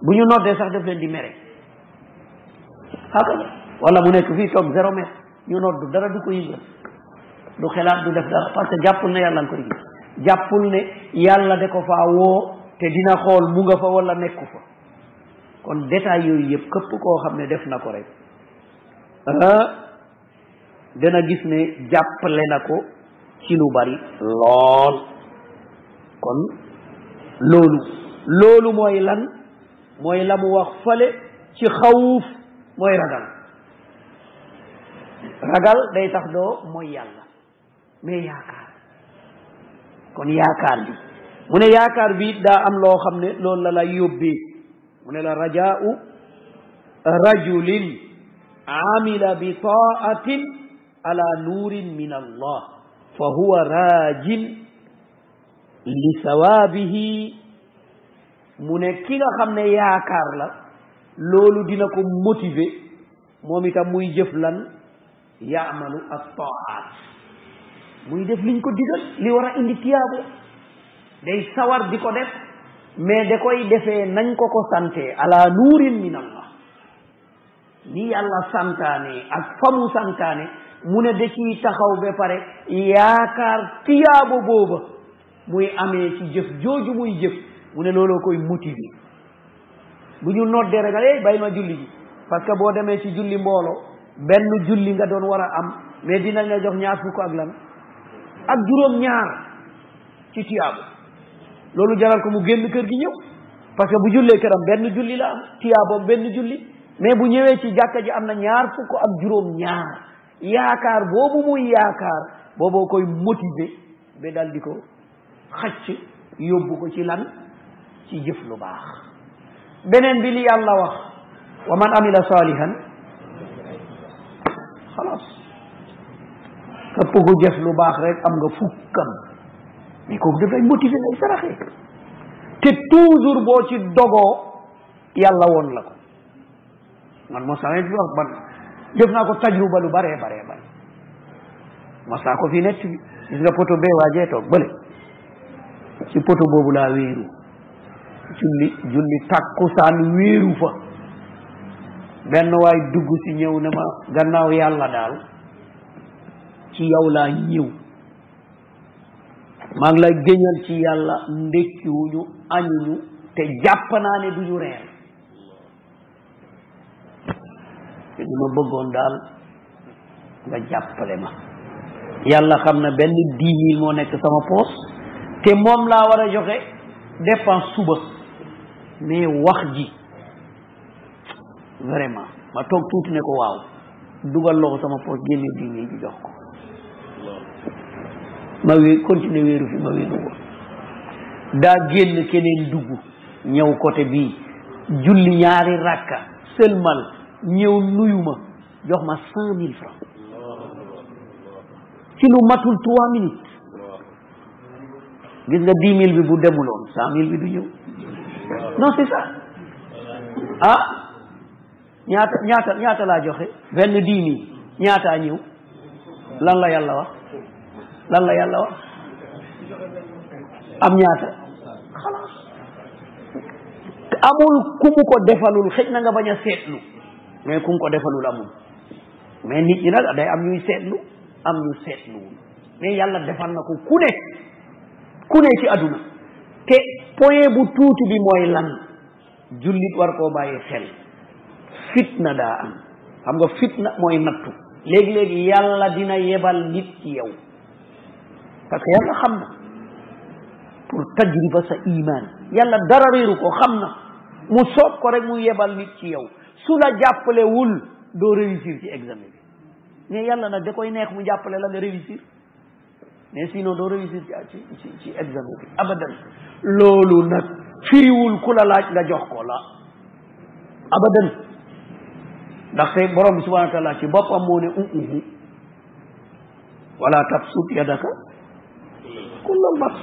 bu ñu noddee sax daf leen di mere xaaka mu nekk fii toog zéro mètre ñu noddu dara du ko yëngal du xelaat du def dara parce que jàppul ne yàlla nga koy gis jàppul ne yàlla de ko faa woo te dina xool mu nga fa wala nekku fa kon détail yooyu yëpp këpp koo xam ne def na ko rek ah, dana gis ne jàppale na ko ci lu bari lool kon loolu loolu mooy lan mooy la mu wax fale ci xawuf mooy ragal ragal day tax doo moy yàlla mais yaakaar kon yaakaar bi mu ne yaakaar bi daa am loo xam ne loolu la la yóbbee mu ne la rajaa'u rajulin amila bi taatin ala nuurin min allah fa huwa raajin li sawaabihi mu ne ki nga xam ne yaakaar la loolu dina ko motiver moom itam muy jëf lan yamalu attaat muy def liñ ko digal li war a indi tiyaabu day sawar di ko def mais da koy defee nañ ko ko santee ala nuurin min allah ni yàlla santaane ak fa mu santaane mu ne da ciy taxaw ba pare yaakaar tiyaabu booba muy amee ci jëf jooju muy jëf mu ne looloo koy motiver bu ñu noddee regal ey bàyyi ma julli ji parce que boo demee ci julli mbooloo benn julli nga doon war a am mais dinañ la jox ñaar fukk ak lan ak juróom ñaar ci tiyaaba loolu jaral ko mu génn kër gi ñëw parce que bu jullee këram benn julli la am tiyaaboom benn julli mais bu ñëwee ci jàkka ji am na ñaar fukk ak juróom ñaar yaakaar boobu muy yaakaar booboo koy motiver ba daldi ko xacc yóbbu ko ci lan ci jëf lu baax beneen bi li yàlla wax wa man amila salihan xalaas képp ku lu baax rek am nga fukkam mais kooku dafay motivé ngay saraxee te toujours boo ci dogo yàlla woon la ko man mos naa ko tajruba baree bare mos naa ko fi nett bi nga poto bee waajee toog bële ci poto boobu laa wéeru julli julli takkusaan wéeru fa benn waay dugg si ñëw ne ma gannaaw yàlla daal ci yow laa ñëw maa ngi lay géñal ci yàlla ndékkiwuñu añuñu te jàpp naa ne duñu reer te ñu bëggoon daal nga jàppale ma yàlla xam na benn dix mille moo nekk sama poos te moom laa war a joxe dépense suba mais wax ji vraiment ma toog tuuti ne ko waaw dugal loxo sama poche génne bii ji jox ko ma wéer continuer wéeru fi ma wéeru ko daa génn keneen dugg ñëw côté bii julli ñaari rakka sëlmal ñëw nuyu jox ma cent mille francs ci lu matul trois minutes gis nga dix mille bi bu demuloon cent mille bi du ñëw non c'est ça ah ñaata ñaata ñaata laa joxe benn dix mille ñaataa ñëw lan la yàlla wax lan la yàlla wax am ñaata xalaas amul ku ko defalul xëj na nga bañ a seetlu mais ku mu ko defalul amul mais nit ñi nag day am ñuy seetlu am ñu seetluwul mais yàlla defal na ko ku ne ku ne ci àdduna te point bu tuuti bi mooy lan jullit war koo bàyyi xel fitna daa am xam nga fitna mooy nattu léegi-léegi yàlla dina yebal nit ci yow parce que yalla xam na pour tajriba sa iman yàlla dara réeru ko xam na mu soob ko rek mu yebal nit ci yow su la jàppalewul doo réussir ci examen bi mais yàlla na da koy neex mu jàppale la nga réussir mais sinon doo réussir ci ci ci examen bi abadan loolu nag firiwul ku la laaj nga jox ko la abadan ndaxte borom bi subhanahu wa ci boppam moo ne uuhu wala tabsut yadaka kullal bas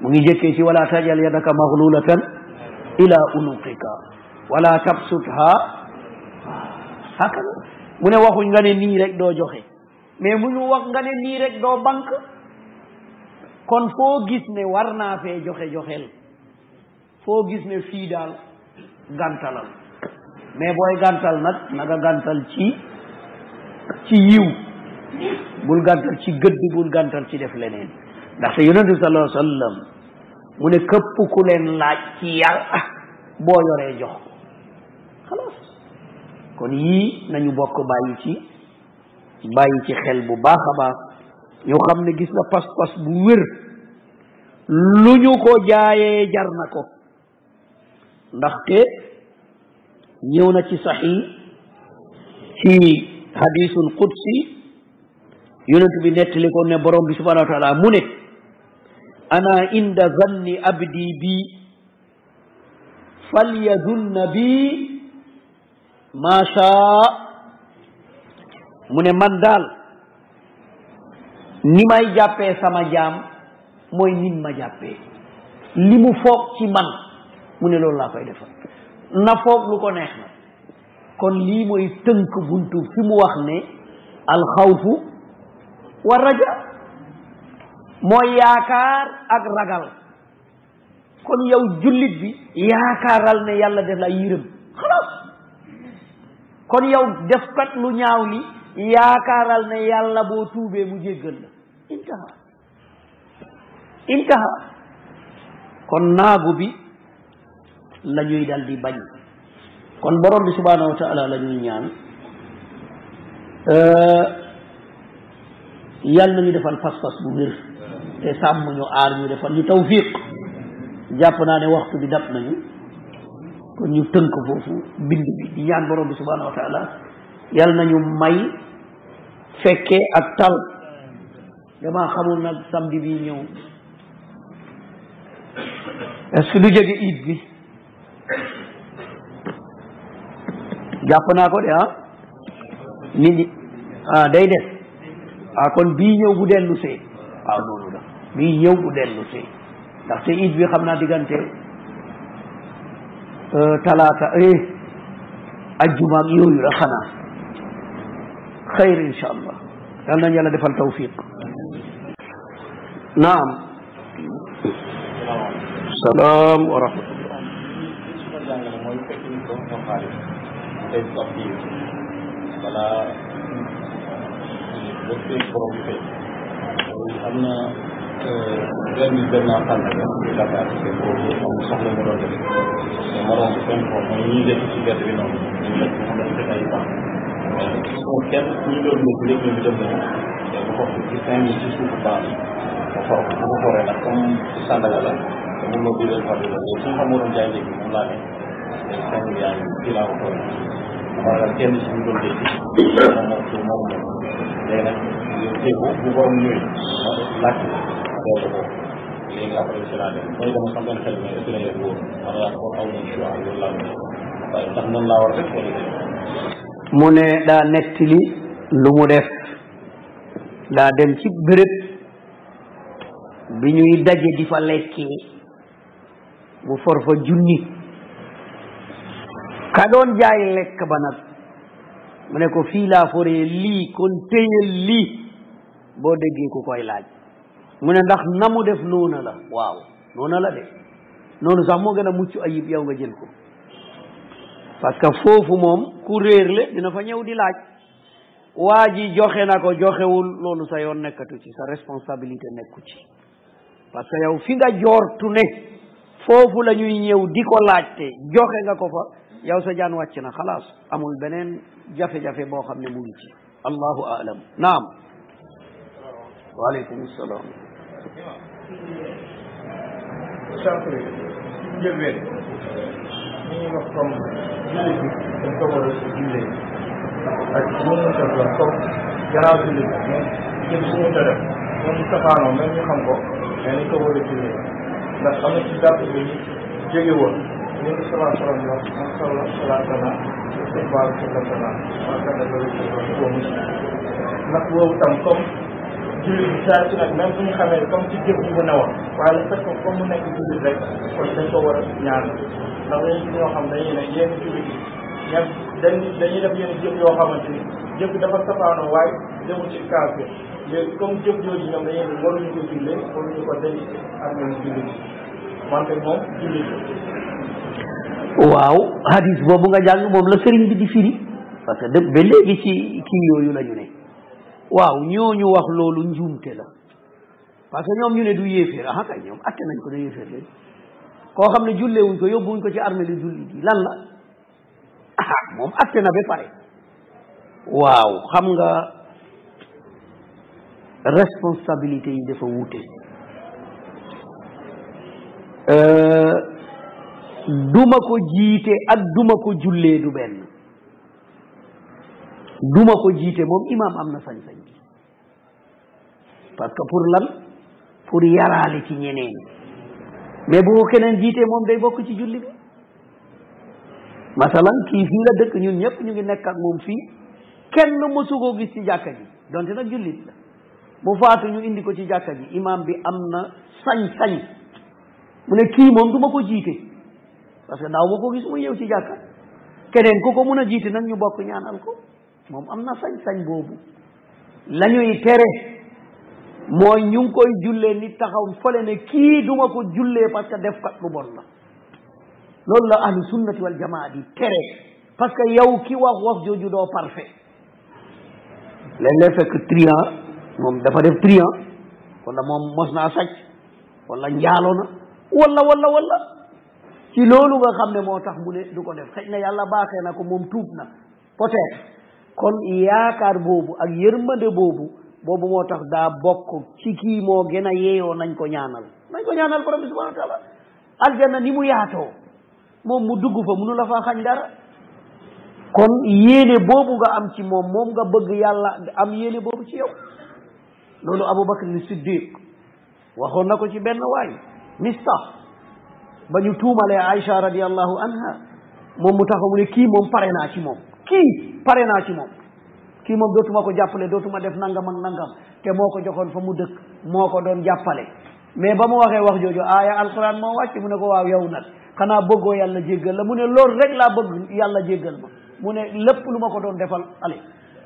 mu ngi jëkkee ci wala tajal yadaka maghlulatan ila unuqika wala tabsutha hakada mu ne waxuñ nga ne nii rek doo joxe mais mu ñu wax nga ne nii rek doo banque kon foo gis ne war naa fee joxe joxel foo gis ne fii daal gantalal mais booy gàntal nag naga gàntal ci ci yiw bul gàntal ci gëdd bul gàntal ci def leneen ndaxte yonente bi sallallahu alayhi wasallam mu ne këpp ku leen laaj ci yàlla ah, boo yoree jox xalaas kon yii nañu bokk bàyyi ci bàyyi ci xel bu baax a baax xam ne gis na pas-pas bu wér lu ñu ko jaayee jar na ko ndaxte ñëw na ci saxi ci hadisul qudsi yonent bi nettali ko ne borom bi subhanahu wa taala mu ne ana inda zanni abdi bi falyazunna bi ma shaa mu ne man daal ni may jàppee sama jaam moy nin ma jàppee li mu foog ci man mu ne loolu laa koy defal na foog lu ko neex na kon lii mooy tënk buntu fi mu wax ne alxawfu wa raja mooy yaakaar ak ragal kon yow jullit bi yaakaaral ne yàlla def la yërëm kon yow def kat lu ñaaw li yaakaaral ne yàlla boo tuubee mu jéggal la intaha intaha kon naagu bi la ñuy dal di bañ kon borom bi subhanahu wa taala ñaan euh, yal na ñu defal pas-pas bu wér te sàmm ñu aar ñu defal ñu tawfiq jàpp naa ne waxtu bi dab nañu kon ñu tënk foofu bind bi di ñaan borom bi subhanahu wa yal nañu may fekke ak tal damaa xamul nag samedi bi ñëw est du jege iid bi jàpp naa ko de ah nit ñi ah day des ah kon bii ñëw bu dellu see waaw ah, loolu la bii ñëw bu it bi xam naa diggante euh, talaata eh, ajjuma ak yooyu la xanaa xayr insha allah yal nañ yàlla defal tawfiq naam salaam wa tey sox yi balaa wërsëg borom am na benn benn xànte ci Dakar te am soxla mu doon def te marom bi seen bopp ko ci laa ne mu ne daa nekk lu mu def daa dem ci béréb bi ñuy daje di fa lekki mu for fa junni ka doon jaay lekk ba nag mu ne ko fii laa foree lii kon téyal lii boo déggee ku koy laaj mu ne ndax na mu def noona la waaw noona la de noonu sax moo gën a mucc ayib yow nga jël ko parce que foofu moom ku réer le dina fa ñëw di laaj waa ji joxe na ko joxewul loolu sa yoon nekkatu ci sa responsabilité nekku ci parce que yow fi nga joortu ne foofu la ñuy ñëw di ko laajte joxe nga ko fa yow sa jaan wàcc na xalaas amul beneen jafe-jafe boo xam ne mu ngi ci allahu alam naam waaleykum salaam sànq njëlbeen ñu ngi wax comme julli bi dañ ko war a jullee ak bu mu mënta doon comme garaaw julli bi mais jël bu mënta def même safaanoo même ñu xam ko mais ni ko war a jullee ndax am na ci dàpp bi jóge woon Yunus Aleyhisselam Aleyhisselam istiqbaal ci la salaam wax dëgg ndax boobu tam comme jullit bi saa su nekk même bu ñu xamee comme ci jëf bu ne wax waaye le fait que comme mu nekk jullit rek kon dañ ko war a ñaan ndax dañu ci ñoo xam dañuy ne yenn jullit yi ñoom dañuy dañuy def yenn jëf yoo xamante ni jëf dafa safaanoo waaye demul ci kaafir léegi comme jëf jooju ñoom dañuy ne waruñu ko jullee waruñu ko denc ak ñoom jullit wante moom jullit waaw hadis boobu nga jàng moom la sëriñ bi di firi parce que ba léegi ci kii yooyu la ñu ne waaw ñooñu wax loolu njuumte la parce que ñoom ñu ne du yéeféer ah kay ñoom atte nañ ko ne yéeféer leen koo xam ne julleewuñ ko yóbbuwuñ ko ci armée li julli lan la ah moom atte na ba pare waaw xam nga responsabilité yi dafa wuute euh, duma ko jiite ak duma ko jullee du benn duma ko jiite moom imaam am na sañ-sañ bi parce que pour lan pour yaraale ci ñeneen mais bu ko keneen jiitee moom day bokk ci julli bi masalan kii fii la dëkk ñun ñëpp ñu ngi nekk ak moom fii kenn mësu koo gis ci jàkka ji donte nag jullit la mu faatu indi ko ci jàkka ji imaam bi am na sañ-sañ mu ne kii moom duma ko jiite parce que daaw ma ko gis mu yeew ci jàkka keneen ku ko mun a jiiti nag ñu bokk ñaanal ko moom am na sañ-sañ boobu la tere mooy ñu koy jullee ni taxaw fole ne kii duma ko jullee parce que def kat lu bon la loolu la ahlu sunnati wal jamaa di tere parce que yow ki wax wax jooju doo parfait léeg-léeg fekk triant moom dafa def triant wala moom mos naa sàcc wala njaalo na wala ci loolu nga xam ne moo tax mu du ko def xëy na yàlla baaxee na ko moom tuub na peut-être kon yaakaar boobu ak yërmande boobu boobu moo tax daa bokk ci kii moo gën a yeeyoo nañ ko ñaanal nañ ko ñaanal borom bi subhanahu wa taala ni mu yaatoo moom mu dugg fa munu la faa xañ dara kon yéene boobu nga am ci moom moom nga bëgg yàlla am yéene boobu ci yow loolu Abubakar ni Siddiq waxoon na ko ci benn waay mistah ba ñu tuumalee Aïcha radiyallahu anha moom mu taxaw mu ne kii moom pare naa ci moom kii pare naa ci moom kii moom dootuma ko jàppale dootuma def nangam ak nangam te moo ko joxoon fa mu dëkk moo ko doon jàppale mais ba mu waxee wax jooju aaya alquran moo wàcc mu ne ko waaw yow nag xanaa bëggoo yàlla jéggal la mu ne lool rek laa bëgg yàlla jéggal ma mu ne lépp lu ma ko doon defal ale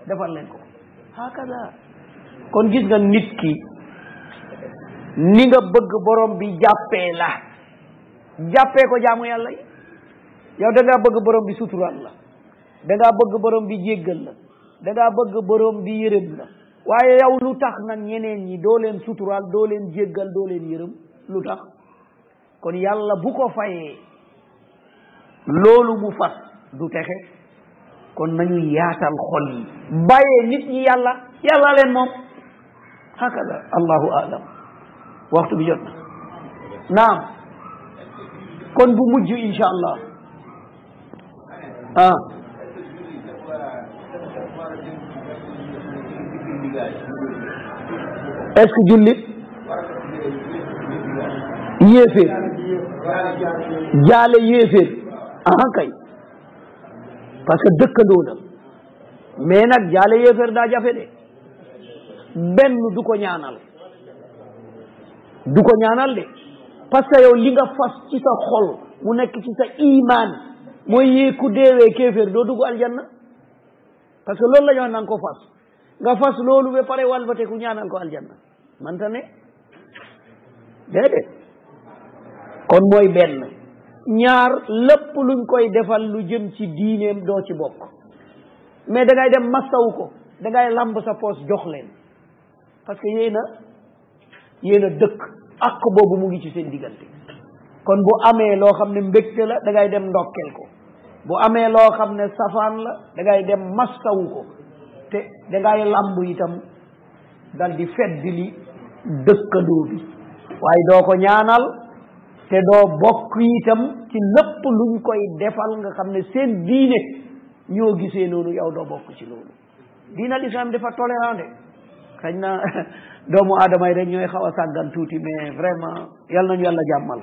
defal leen ko hakada kon gis nga nit ki ni nga bëgg borom bi jàppee la jàppee ko jaamu yàlla yi yow da bëgg borom bi suturaal la da bëgg borom bi jéggal la da bëgg borom bi yërëm la waaye yow lu tax nag ñeneen ñi doo leen suturaal doo leen jéggal doo leen yërëm lu tax kon yàlla bu ko fayee loolu mu fas du texe kon nañu yaatal xol yi bàyyee nit ñi yàlla yàlla leen moom hakada allahu alam waxtu bi jot naam kon bu mujj incha allah ah est jullit yéeféer jaale yéeféer aha kay parce que dëkkandoo la mais nag jaale yéeféer daa jafe de benn du ko ñaanal du ko ñaanal de Pasa yon li nga fas chisa xol, mounak chisa iman, mwenye kudewe kefer, do do kwa aljanna? Pase lol la yon nan kwa fas. Nga fas loun wepare walbate kwenye nan kwa aljanna. Mantane? Dede? Konboy benne. Nyar lepulun kwa idefal lujen chi dinye mdo chi bok. Me denga yon dem mas ta wuko. Dega yon lambo sa pos joklen. Pase yon dek. ak boobu mu ngi ci seen diggante kon bu amee loo xam ne mbégte la da ngay dem ndokkel ko bu amee loo xam ne safaan la dangay dem mastawu ko te da ngay làmb itam dal di fedd li dëkkandoo bi waaye doo ko ñaanal te doo bokk itam ci lépp luñ koy defal nga xam ne seen diine ñoo gisee noonu yow doo bokk ci loolu diina lislaam dafa tolérant xañ na doomu aadama yi rek ñooy xaw a sàggan tuuti mais vraiment yal nañu yàlla jàmmal